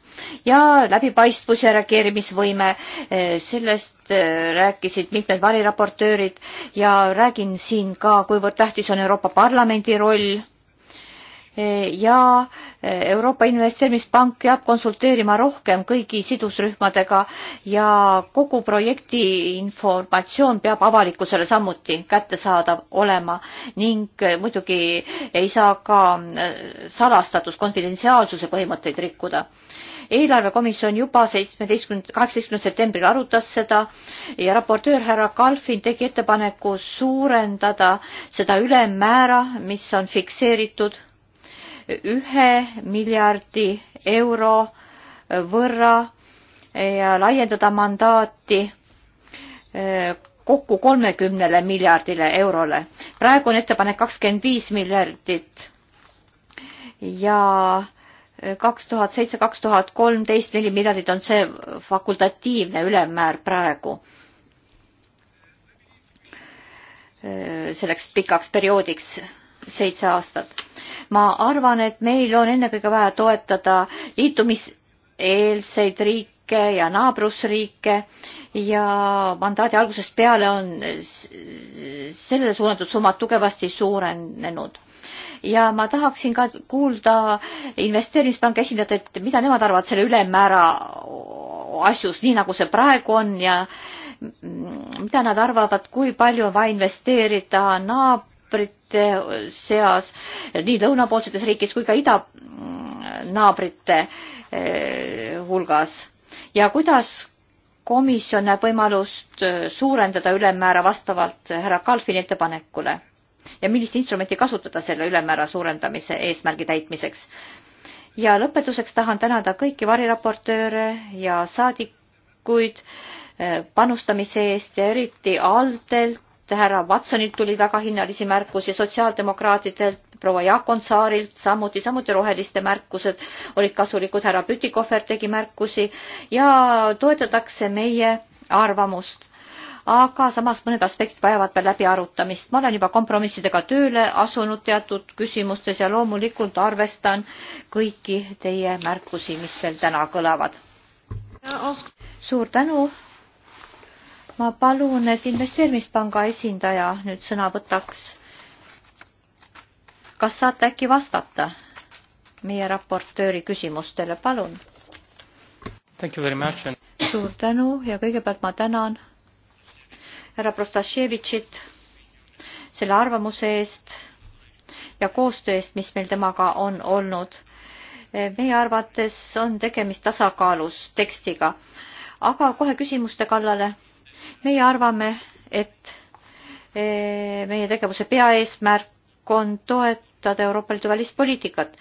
ja läbipaistvus ja reageerimisvõime, eh, sellest eh, rääkisid mitmed variraportöörid ja räägin siin ka, kuivõrd tähtis on Euroopa Parlamendi roll ja Euroopa Investeerimispank peab konsulteerima rohkem kõigi sidusrühmadega ja kogu projekti informatsioon peab avalikkusele samuti kättesaadav olema ning muidugi ei saa ka äh, salastatus, konfidentsiaalsuse põhimõtteid rikkuda eelarvekomisjon juba seitsmeteistkümnendal, kaheksateistkümnendal septembril arutas seda ja raportöör härra Kalfin tegi ettepaneku suurendada seda ülemmäära, mis on fikseeritud ühe miljardi euro võrra ja laiendada mandaati eh, kokku kolmekümnele miljardile eurole. praegu on ettepanek kakskümmend viis miljardit ja eh, kaks tuhat seitse, kaks tuhat kolmteist, neli miljardit on see fakultatiivne ülemmäär praegu. Eh, selleks pikaks perioodiks seitse aastat. ma arvan, et meil on ennekõike vaja toetada liitumiseelseid riike ja naabrusriike ja mandaadi algusest peale on sellele suunatud summad tugevasti suurenenud ja ma tahaksin ka kuulda investeerimispanga esindajatelt, mida nemad arvavad selle ülemmäära asjus, nii nagu see praegu on ja mida nad arvavad, kui palju on vaja investeerida naab-, naabrite seas, nii lõunapoolsetes riikides kui ka idanaabrite mm, eh, hulgas ja kuidas komisjon näeb võimalust eh, suurendada ülemmäära vastavalt härra Kalfini ettepanekule ja millist instrumenti kasutada selle ülemäära suurendamise eesmärgi täitmiseks. ja lõpetuseks tahan tänada kõiki variraportööre ja saadikuid eh, panustamise eest ja eriti Aldelt härra Watsonilt tuli väga hinnalisi märkusi, sotsiaaldemokraatidelt, proua Jaakonsaarilt samuti, samuti roheliste märkused olid kasulikud, härra Pütikohver tegi märkusi ja toetatakse meie arvamust. aga samas mõned aspektid vajavad veel läbiarutamist. ma olen juba kompromissidega tööle asunud teatud küsimustes ja loomulikult arvestan kõiki teie märkusi, mis veel täna kõlavad. suur tänu ma palun, et investeerimispanga esindaja nüüd sõna võtaks. kas saate äkki vastata meie raportööri küsimustele, palun? suur tänu ja kõigepealt ma tänan härra Prostaševitšit selle arvamuse eest ja koostöö eest, mis meil temaga on olnud. meie arvates on tegemist tasakaalus tekstiga. aga kohe küsimuste kallale meie arvame, et eh, meie tegevuse peaeesmärk on toetada Euroopa Liidu välispoliitikat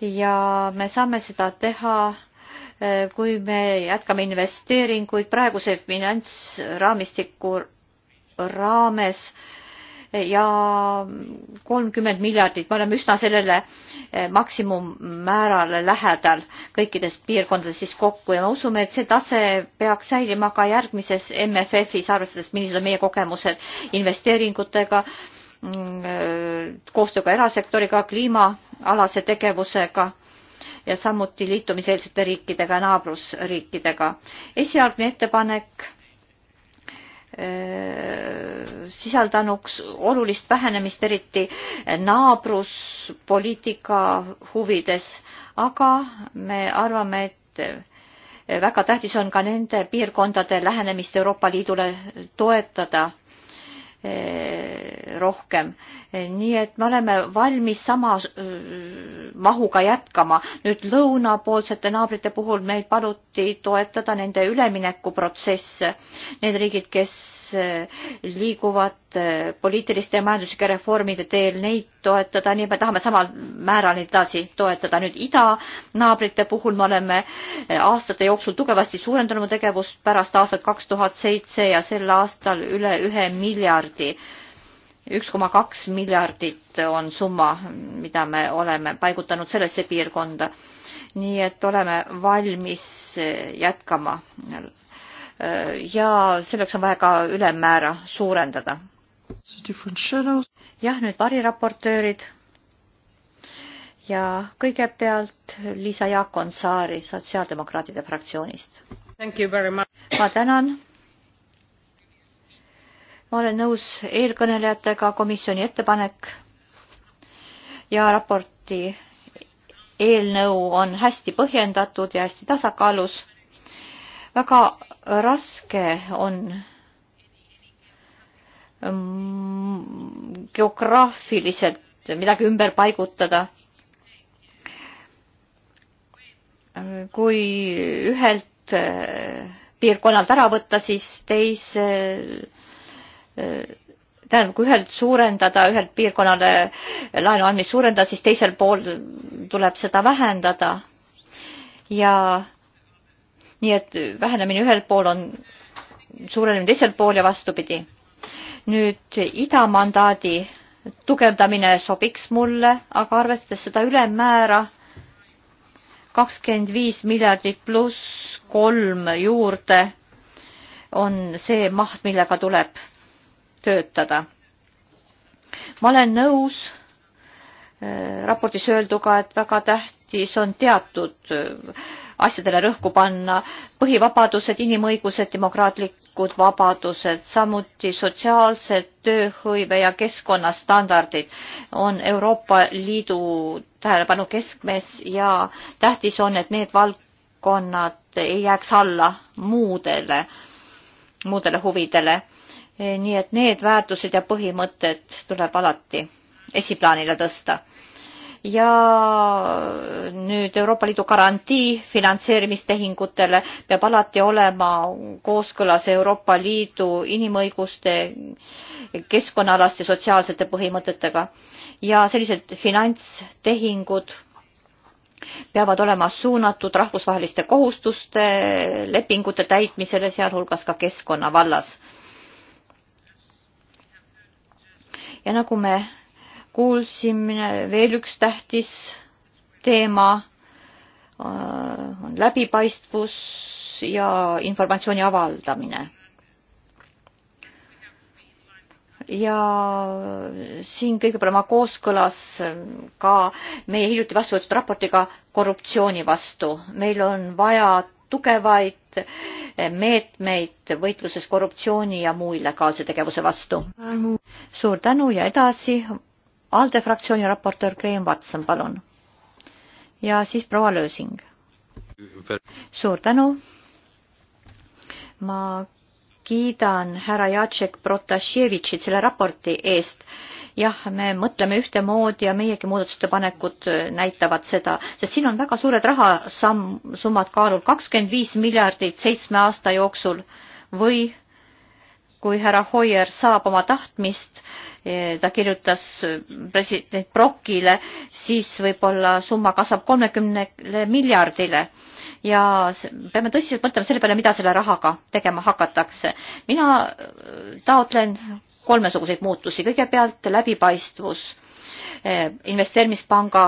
ja me saame seda teha, eh, kui me jätkame investeeringuid praeguse finantsraamistiku raames äh, ja kolmkümmend miljardit, me oleme üsna sellele eh, maksimummäärale lähedal kõikides piirkondades siis kokku ja me usume, et see tase peaks säilima ka järgmises MFF-is, arvestades, millised on meie kogemused investeeringutega mm, eh, koostööga erasektoriga, kliimaalase tegevusega ja samuti liitumiseelsete riikidega ja naabrusriikidega. esialgne ettepanek Äh, sisaldanuks olulist vähenemist, eriti naabruspoliitika huvides, aga me arvame, et väga tähtis on ka nende piirkondade lähenemist Euroopa Liidule toetada äh, rohkem nii et me oleme valmis sama mahuga jätkama. nüüd lõunapoolsete naabrite puhul meil paluti toetada nende üleminekuprotsesse. Need riigid, kes liiguvad poliitiliste ja majanduslike reformide teel, neid toetada, nii et me tahame samal määral neid edasi toetada. nüüd idanaabrite puhul me oleme aastate jooksul tugevasti suurendanud tegevust pärast aastat kaks tuhat seitse ja sel aastal üle ühe miljardi üks koma kaks miljardit on summa, mida me oleme paigutanud sellesse piirkonda. nii et oleme valmis jätkama. ja selleks on vaja ka ülemmäära suurendada. jah, nüüd variraportöörid. ja kõigepealt Liisa Jaakonsaari Sotsiaaldemokraatide fraktsioonist. ma tänan ma olen nõus eelkõnelejatega, komisjoni ettepanek ja raporti eelnõu on hästi põhjendatud ja hästi tasakaalus. väga raske on mm, geograafiliselt midagi ümber paigutada. kui ühelt eh, piirkonnalt ära võtta, siis teise tähendab, kui ühelt suurendada, ühelt piirkonnale laenu andmist suurendada, siis teisel pool tuleb seda vähendada. ja nii et vähenemine ühel pool on suurenemine teisel pool ja vastupidi. nüüd idamandaadi tugevdamine sobiks mulle, aga arvestades seda ülemmäära, kakskümmend viis miljardit pluss kolm juurde on see maht, millega tuleb töötada. ma olen nõus äh, raportis öelduga, et väga tähtis on teatud äh, asjadele rõhku panna, põhivabadused, inimõigused, demokraatlikud vabadused, samuti sotsiaalsed tööhõive ja keskkonnastandardid on Euroopa Liidu tähelepanu keskmes ja tähtis on, et need valdkonnad ei jääks alla muudele, muudele huvidele Eh, nii et need väärtused ja põhimõtted tuleb alati esiplaanile tõsta. ja nüüd Euroopa Liidu garantii finantseerimistehingutele peab alati olema kooskõlas Euroopa Liidu inimõiguste, keskkonnaalaste, sotsiaalsete põhimõtetega ja sellised finantstehingud peavad olema suunatud rahvusvaheliste kohustuste, lepingute täitmisele, sealhulgas ka keskkonna vallas ja nagu me kuulsime, veel üks tähtis teema äh, on läbipaistvus ja informatsiooni avaldamine. ja siin kõige parema kooskõlas ka meie hiljuti vastu võetud raportiga korruptsiooni vastu. meil on vaja tugevaid meetmeid võitluses korruptsiooni ja muu illegaalse tegevuse vastu. suur tänu ja edasi ALDE fraktsiooni raportöör Graham Watson, palun. ja siis proua Lösing. suur tänu. ma kiidan härra Jacek Protasevitšit selle raporti eest jah, me mõtleme ühtemoodi ja meiegi muudatusettepanekud äh, näitavad seda, sest siin on väga suured rahasamm, summad kaalul, kakskümmend viis miljardit seitsme aasta jooksul või kui härra Hoier saab oma tahtmist, äh, ta kirjutas äh, president Brokile, siis võib-olla summa kasvab kolmekümnele miljardile ja peame tõsiselt mõtlema selle peale, mida selle rahaga tegema hakatakse. mina taotlen kolmesuguseid muutusi. kõigepealt läbipaistvus eh, investeerimispanga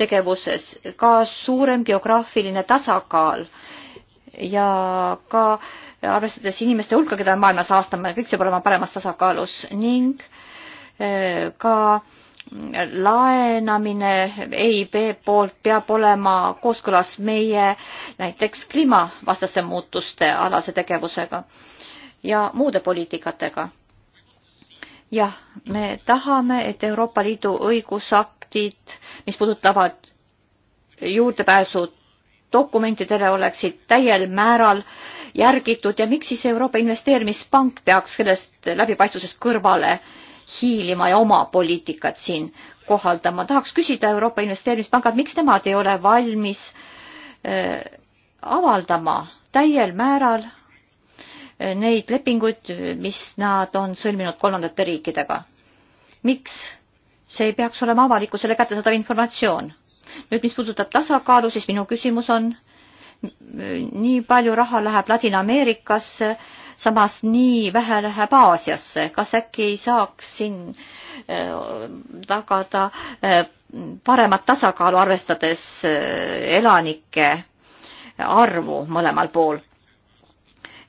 tegevuses, ka suurem geograafiline tasakaal ja ka arvestades inimeste hulka, keda me maailmas aastame, kõik see peab olema paremas tasakaalus ning eh, ka laenamine EIB poolt peab olema kooskõlas meie näiteks kliimavastaste muutuste alase tegevusega ja muude poliitikatega jah, me tahame, et Euroopa Liidu õigusaktid, mis puudutavad juurdepääsu dokumentidele, oleksid täiel määral järgitud ja miks siis Euroopa Investeerimispank peaks sellest läbipaistvusest kõrvale hiilima ja oma poliitikat siin kohaldama. tahaks küsida Euroopa Investeerimispangad, miks nemad ei ole valmis äh, avaldama täiel määral neid lepinguid, mis nad on sõlminud kolmandate riikidega. miks see ei peaks olema avalikkusele kättesaadav informatsioon? nüüd, mis puudutab tasakaalu, siis minu küsimus on, nii palju raha läheb Ladina-Ameerikasse, samas nii vähe läheb Aasiasse, kas äkki ei saaks siin äh, tagada äh, paremat tasakaalu, arvestades äh, elanike arvu mõlemal pool?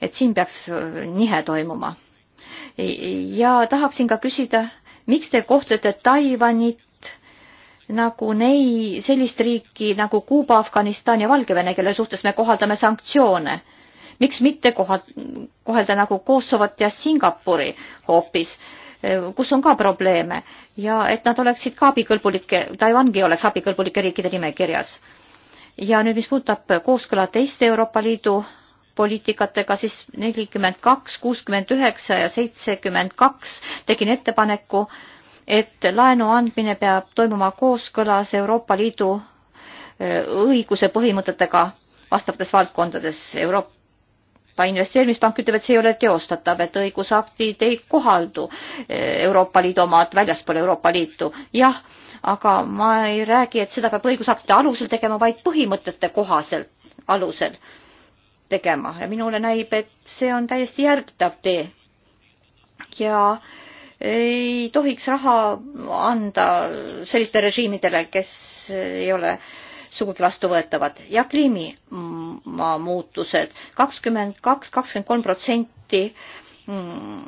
et siin peaks nihe toimuma. ja tahaksin ka küsida, miks te kohtlete Taiwanit nagu nei-, sellist riiki nagu Kuuba, Afganistan ja Valgevene, kelle suhtes me kohaldame sanktsioone. miks mitte koha-, kohelda nagu Kosovot ja Singapuri hoopis, kus on ka probleeme ja et nad oleksid ka abikõlbulike, Taiwangi oleks abikõlbulike riikide nimekirjas. ja nüüd, mis puudutab kooskõla teiste Euroopa Liidu poliitikatega, siis nelikümmend kaks, kuuskümmend üheksa ja seitsekümmend kaks tegin ettepaneku, et laenu andmine peab toimuma kooskõlas Euroopa Liidu äh, õiguse põhimõtetega vastavates valdkondades. Euroopa Investeerimispank ütleb, et see ei ole teostatav, et õigusaktid ei kohaldu äh, Euroopa Liidu omad väljaspool Euroopa Liitu. jah, aga ma ei räägi, et seda peab õigusaktide alusel tegema, vaid põhimõtete kohaselt, alusel tegema ja minule näib, et see on täiesti järgitav tee. ja ei tohiks raha anda sellistele režiimidele, kes ei ole sugugi vastuvõetavad ja kliimamuutused kakskümmend kaks, kakskümmend kolm protsenti mm,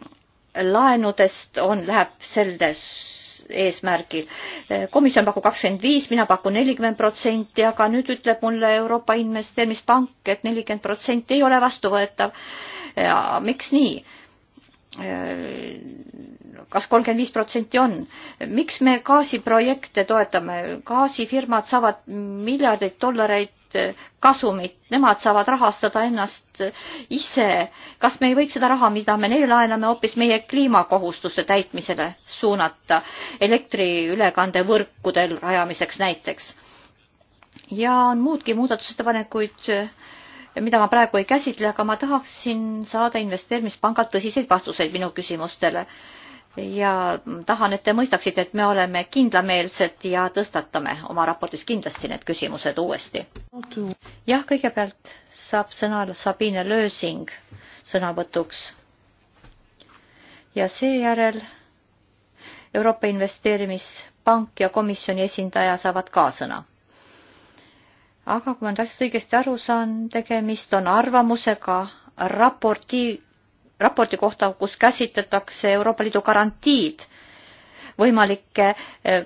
laenudest on, läheb selles eesmärgil. komisjon pakub kakskümmend viis, mina pakun nelikümmend protsenti, aga nüüd ütleb mulle Euroopa Investeerimispank, et nelikümmend protsenti ei ole vastuvõetav. miks nii? kas kolmkümmend viis protsenti on. miks me gaasiprojekte toetame? gaasifirmad saavad miljardeid dollareid Eh, kasumit, nemad saavad rahastada ennast eh, ise. kas me ei võiks seda raha, mida me neile laename, hoopis meie kliimakohustuste täitmisele suunata, elektriülekandevõrkudel rajamiseks näiteks? ja on muudki muudatusettepanekuid, eh, mida ma praegu ei käsitle, aga ma tahaksin saada investeerimispangalt tõsiseid vastuseid minu küsimustele ja tahan, et te mõistaksite, et me oleme kindlameelsed ja tõstatame oma raportis kindlasti need küsimused uuesti. jah, kõigepealt saab sõna Sabine Lösing sõnavõtuks. ja seejärel Euroopa Investeerimispank ja komisjoni esindaja saavad ka sõna. aga kui ma nüüd asjast õigesti aru saan, tegemist on arvamusega raporti raporti kohta, kus käsitletakse Euroopa Liidu garantiid võimalike eh,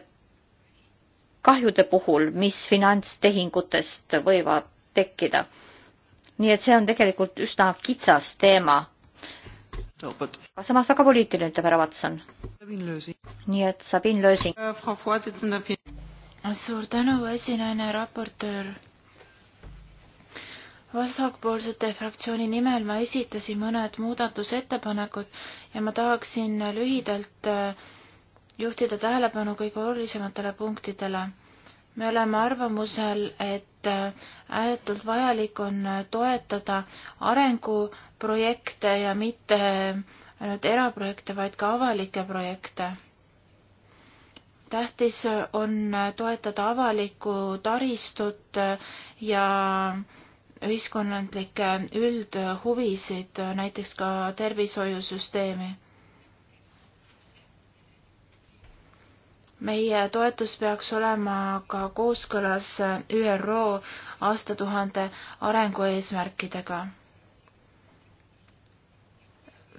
kahjude puhul, mis finantstehingutest võivad tekkida. nii et see on tegelikult üsna kitsas teema. aga samas väga poliitiline, ütleb härra Watson. nii et Sabine Lösing. suur tänu, esinaine raportöör vasakpoolsete fraktsiooni nimel ma esitasin mõned muudatusettepanekud ja ma tahaksin lühidalt äh, juhtida tähelepanu kõige olulisematele punktidele. me oleme arvamusel, et äh, ääretult vajalik on äh, toetada arenguprojekte ja mitte ainult eraprojekte, vaid ka avalikke projekte. tähtis on toetada avalikku taristut ja äh, ühiskonnandlikke üldhuvisid, näiteks ka tervishoiusüsteemi. meie toetus peaks olema ka kooskõlas ÜRO aastatuhande arengueesmärkidega.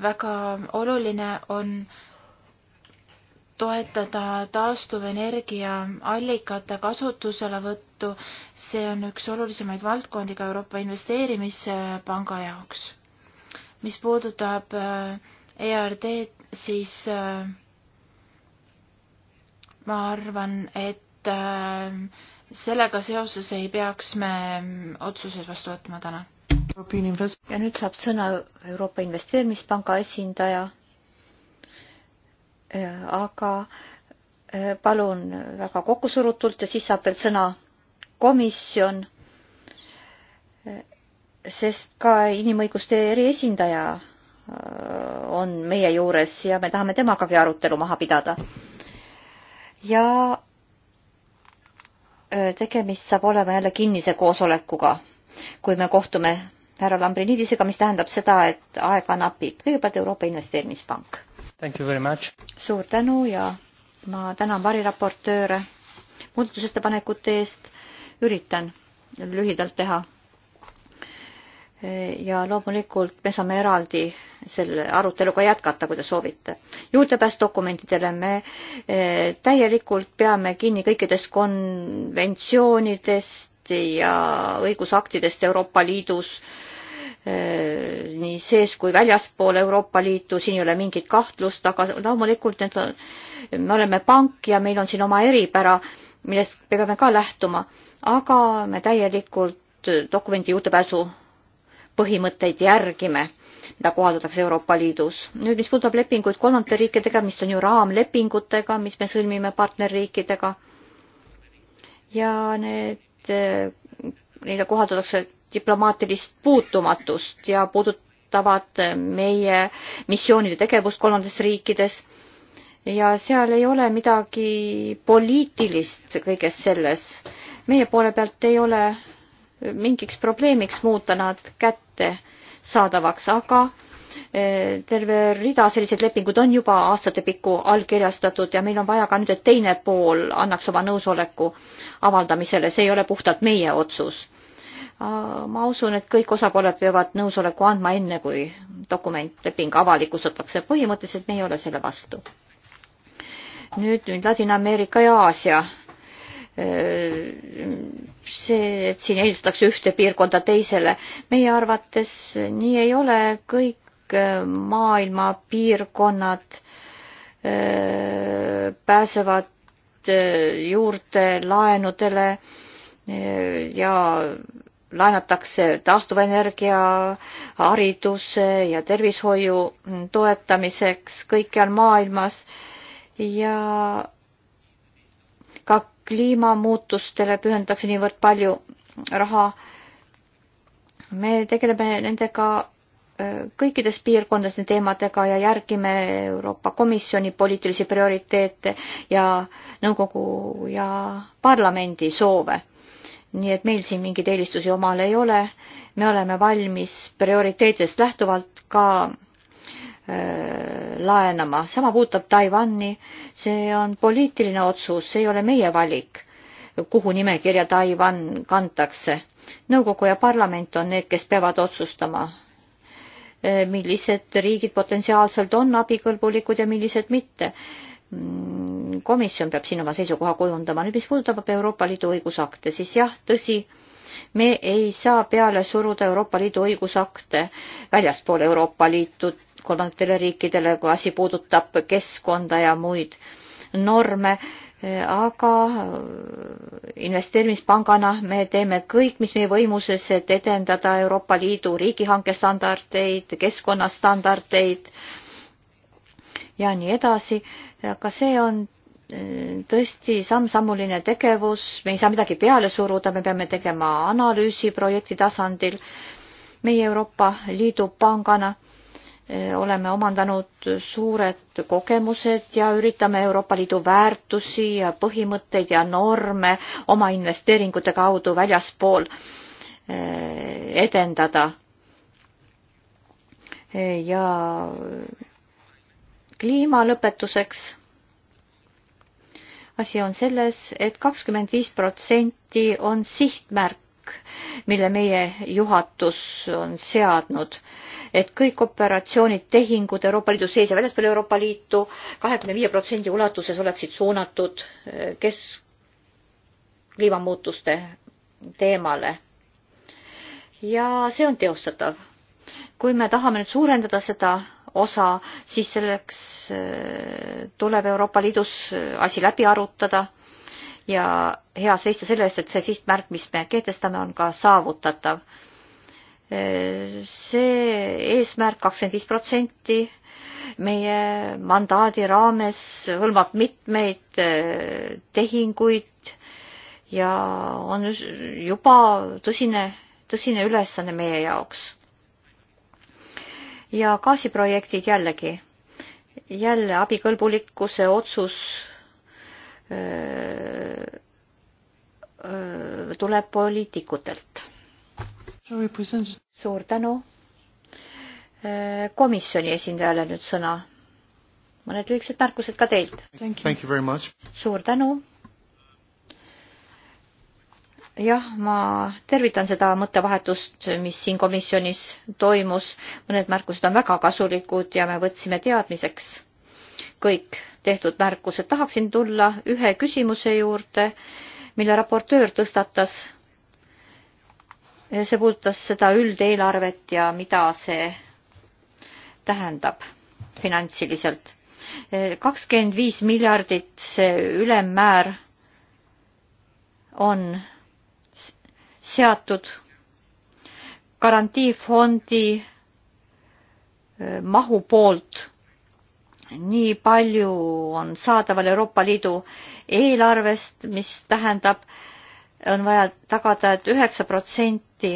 väga oluline on toetada taastuvenergia allikate kasutuselevõttu, see on üks olulisemaid valdkondi ka Euroopa Investeerimispanga jaoks. mis puudutab äh, ERD-d, siis äh, ma arvan, et äh, sellega seoses ei peaks me otsuseid vastu võtma täna. ja nüüd saab sõna Euroopa Investeerimispanga esindaja Äh, aga äh, palun väga kokkusurutult ja siis saab veel sõna komisjon, äh, sest ka inimõiguste eriesindaja on meie juures ja me tahame temagagi arutelu maha pidada. ja tegemist saab olema jälle kinnise koosolekuga, kui me kohtume härra Lambrinidisega, mis tähendab seda, et aega napib. kõigepealt Euroopa Investeerimispank suur tänu ja ma tänan variraportööre muudatusettepanekute eest. üritan lühidalt teha. ja loomulikult me saame eraldi selle aruteluga jätkata, kui te soovite. juurdepääs dokumentidele me eh, täielikult peame kinni kõikidest konventsioonidest ja õigusaktidest Euroopa Liidus Äh, nii sees kui väljaspool Euroopa Liitu, siin ei ole mingit kahtlust, aga loomulikult need on, me oleme pank ja meil on siin oma eripära, millest me peame ka lähtuma, aga me täielikult dokumendi juurdepääsu põhimõtteid järgime, mida kohaldatakse Euroopa Liidus. nüüd, mis puudutab lepinguid kolmandate riikidega, mis on ju raamlepingutega, mis me sõlmime partnerriikidega ja need, äh, neile kohaldatakse diplomaatilist puutumatust ja puudutavad meie missioonide tegevust kolmandates riikides ja seal ei ole midagi poliitilist kõiges selles. meie poole pealt ei ole mingiks probleemiks muuta nad kättesaadavaks, aga eh, terve rida selliseid lepinguid on juba aastatepikku allkirjastatud ja meil on vaja ka nüüd, et teine pool annaks oma nõusoleku avaldamisele, see ei ole puhtalt meie otsus. Äh, ma usun, et kõik osapooled peavad nõusoleku andma enne, kui dokument, leping avalikustatakse. põhimõtteliselt me ei ole selle vastu. nüüd, nüüd Ladina-Ameerika ja Aasia. Äh, see, et siin eelistatakse ühte piirkonda teisele, meie arvates nii ei ole, kõik äh, maailma piirkonnad pääsevad juurde laenudele ja laenatakse taastuvenergia, hariduse ja tervishoiu toetamiseks kõikjal maailmas ja ka kliimamuutustele pühendatakse niivõrd palju raha. me tegeleme nendega äh, kõikides piirkondades nende teemadega ja järgime Euroopa Komisjoni poliitilisi prioriteete ja nõukogu ja parlamendi soove nii et meil siin mingeid eelistusi omal ei ole. me oleme valmis prioriteetidest lähtuvalt ka äh, laenama, sama puudutab Taiwan'i, see on poliitiline otsus, see ei ole meie valik, kuhu nimekirja Taiwan kantakse. nõukogu ja parlament on need, kes peavad otsustama, äh, millised riigid potentsiaalselt on abikõlbulikud ja millised mitte Mm, komisjon peab siin oma seisukoha kujundama. nüüd, mis puudutab Euroopa Liidu õigusakte, siis jah, tõsi, me ei saa peale suruda Euroopa Liidu õigusakte väljaspool Euroopa Liitu kolmandatele riikidele, kui asi puudutab keskkonda ja muid norme, aga investeerimispangana me teeme kõik, mis meie võimuses, et edendada Euroopa Liidu riigihanke standardeid, keskkonnastandardeid ja nii edasi aga see on äh, tõesti samm-sammuline tegevus, me ei saa midagi peale suruda, me peame tegema analüüsi projekti tasandil. meie Euroopa Liidu pangana äh, oleme omandanud suured kogemused ja üritame Euroopa Liidu väärtusi ja põhimõtteid ja norme oma investeeringute kaudu väljaspool äh, edendada. ja kliima lõpetuseks. asi on selles et, et kakskümmend viis protsenti on sihtmärk, mille meie juhatus on seadnud, et kõik operatsioonid, tehingud Euroopa Liidu sees ja väljaspool Euroopa Liitu kahekümne viie protsendi ulatuses oleksid suunatud eh, kes-, kliimamuutuste teemale. ja see on teostatav. kui me tahame nüüd suurendada seda osa, siis selleks äh, tuleb Euroopa Liidus äh, asi läbi arutada ja hea seista selle eest, et see sihtmärk, mis me kehtestame, on ka saavutatav. Äh, see eesmärk kakskümmend viis protsenti meie mandaadi raames hõlmab mitmeid tehinguid ja on juba tõsine, tõsine ülesanne meie jaoks ja gaasiprojektid jällegi, jälle abikõlbulikkuse otsus öö, öö, tuleb poliitikutelt. suur tänu. komisjoni esindajale nüüd sõna. mõned lühikesed märkused ka teilt. suur tänu jah, ma tervitan seda mõttevahetust, mis siin komisjonis toimus. mõned märkused on väga kasulikud ja me võtsime teadmiseks kõik tehtud märkused. tahaksin tulla ühe küsimuse juurde, mille raportöör tõstatas. see puudutas seda üldeelarvet ja mida see tähendab finantsiliselt. kakskümmend viis miljardit, see ülemmäär on seatud garantiifondi äh, mahu poolt. nii palju on saadaval Euroopa Liidu eelarvest, mis tähendab, on vaja tagada et, et üheksa protsenti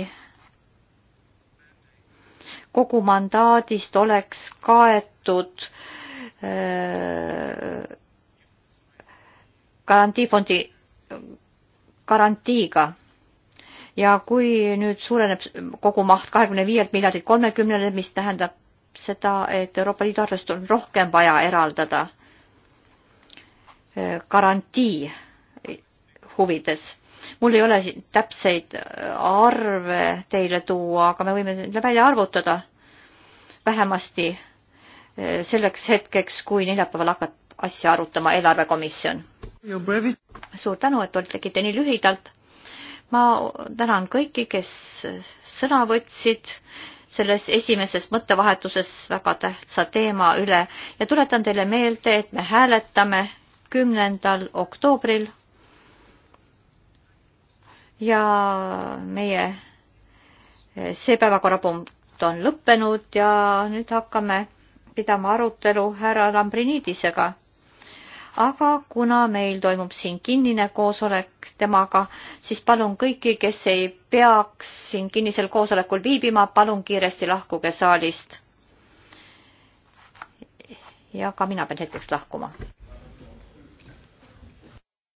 kogu mandaadist oleks kaetud äh, garantiifondi garantiiga ja kui nüüd suureneb kogumaht kahekümne viielt miljardilt kolmekümnele, mis tähendab seda, et Euroopa Liidu arvest on rohkem vaja eraldada äh, garantii huvides. mul ei ole siin täpseid äh, arve teile tuua, aga me võime selle välja arvutada vähemasti äh, selleks hetkeks, kui neljapäeval hakkab asja arutama eelarvekomisjon. suur tänu, et tegite nii lühidalt ma tänan kõiki, kes sõna võtsid selles esimeses mõttevahetuses väga tähtsa teema üle ja tuletan teile meelde, et me hääletame kümnendal oktoobril. ja meie eh, see päevakorrapunkt on lõppenud ja nüüd hakkame pidama arutelu härra Lambrinidisega aga kuna meil toimub siin kinnine koosolek temaga, siis palun kõiki, kes ei peaks siin kinnisel koosolekul viibima, palun kiiresti lahkuge saalist. ja ka mina pean hetkeks lahkuma.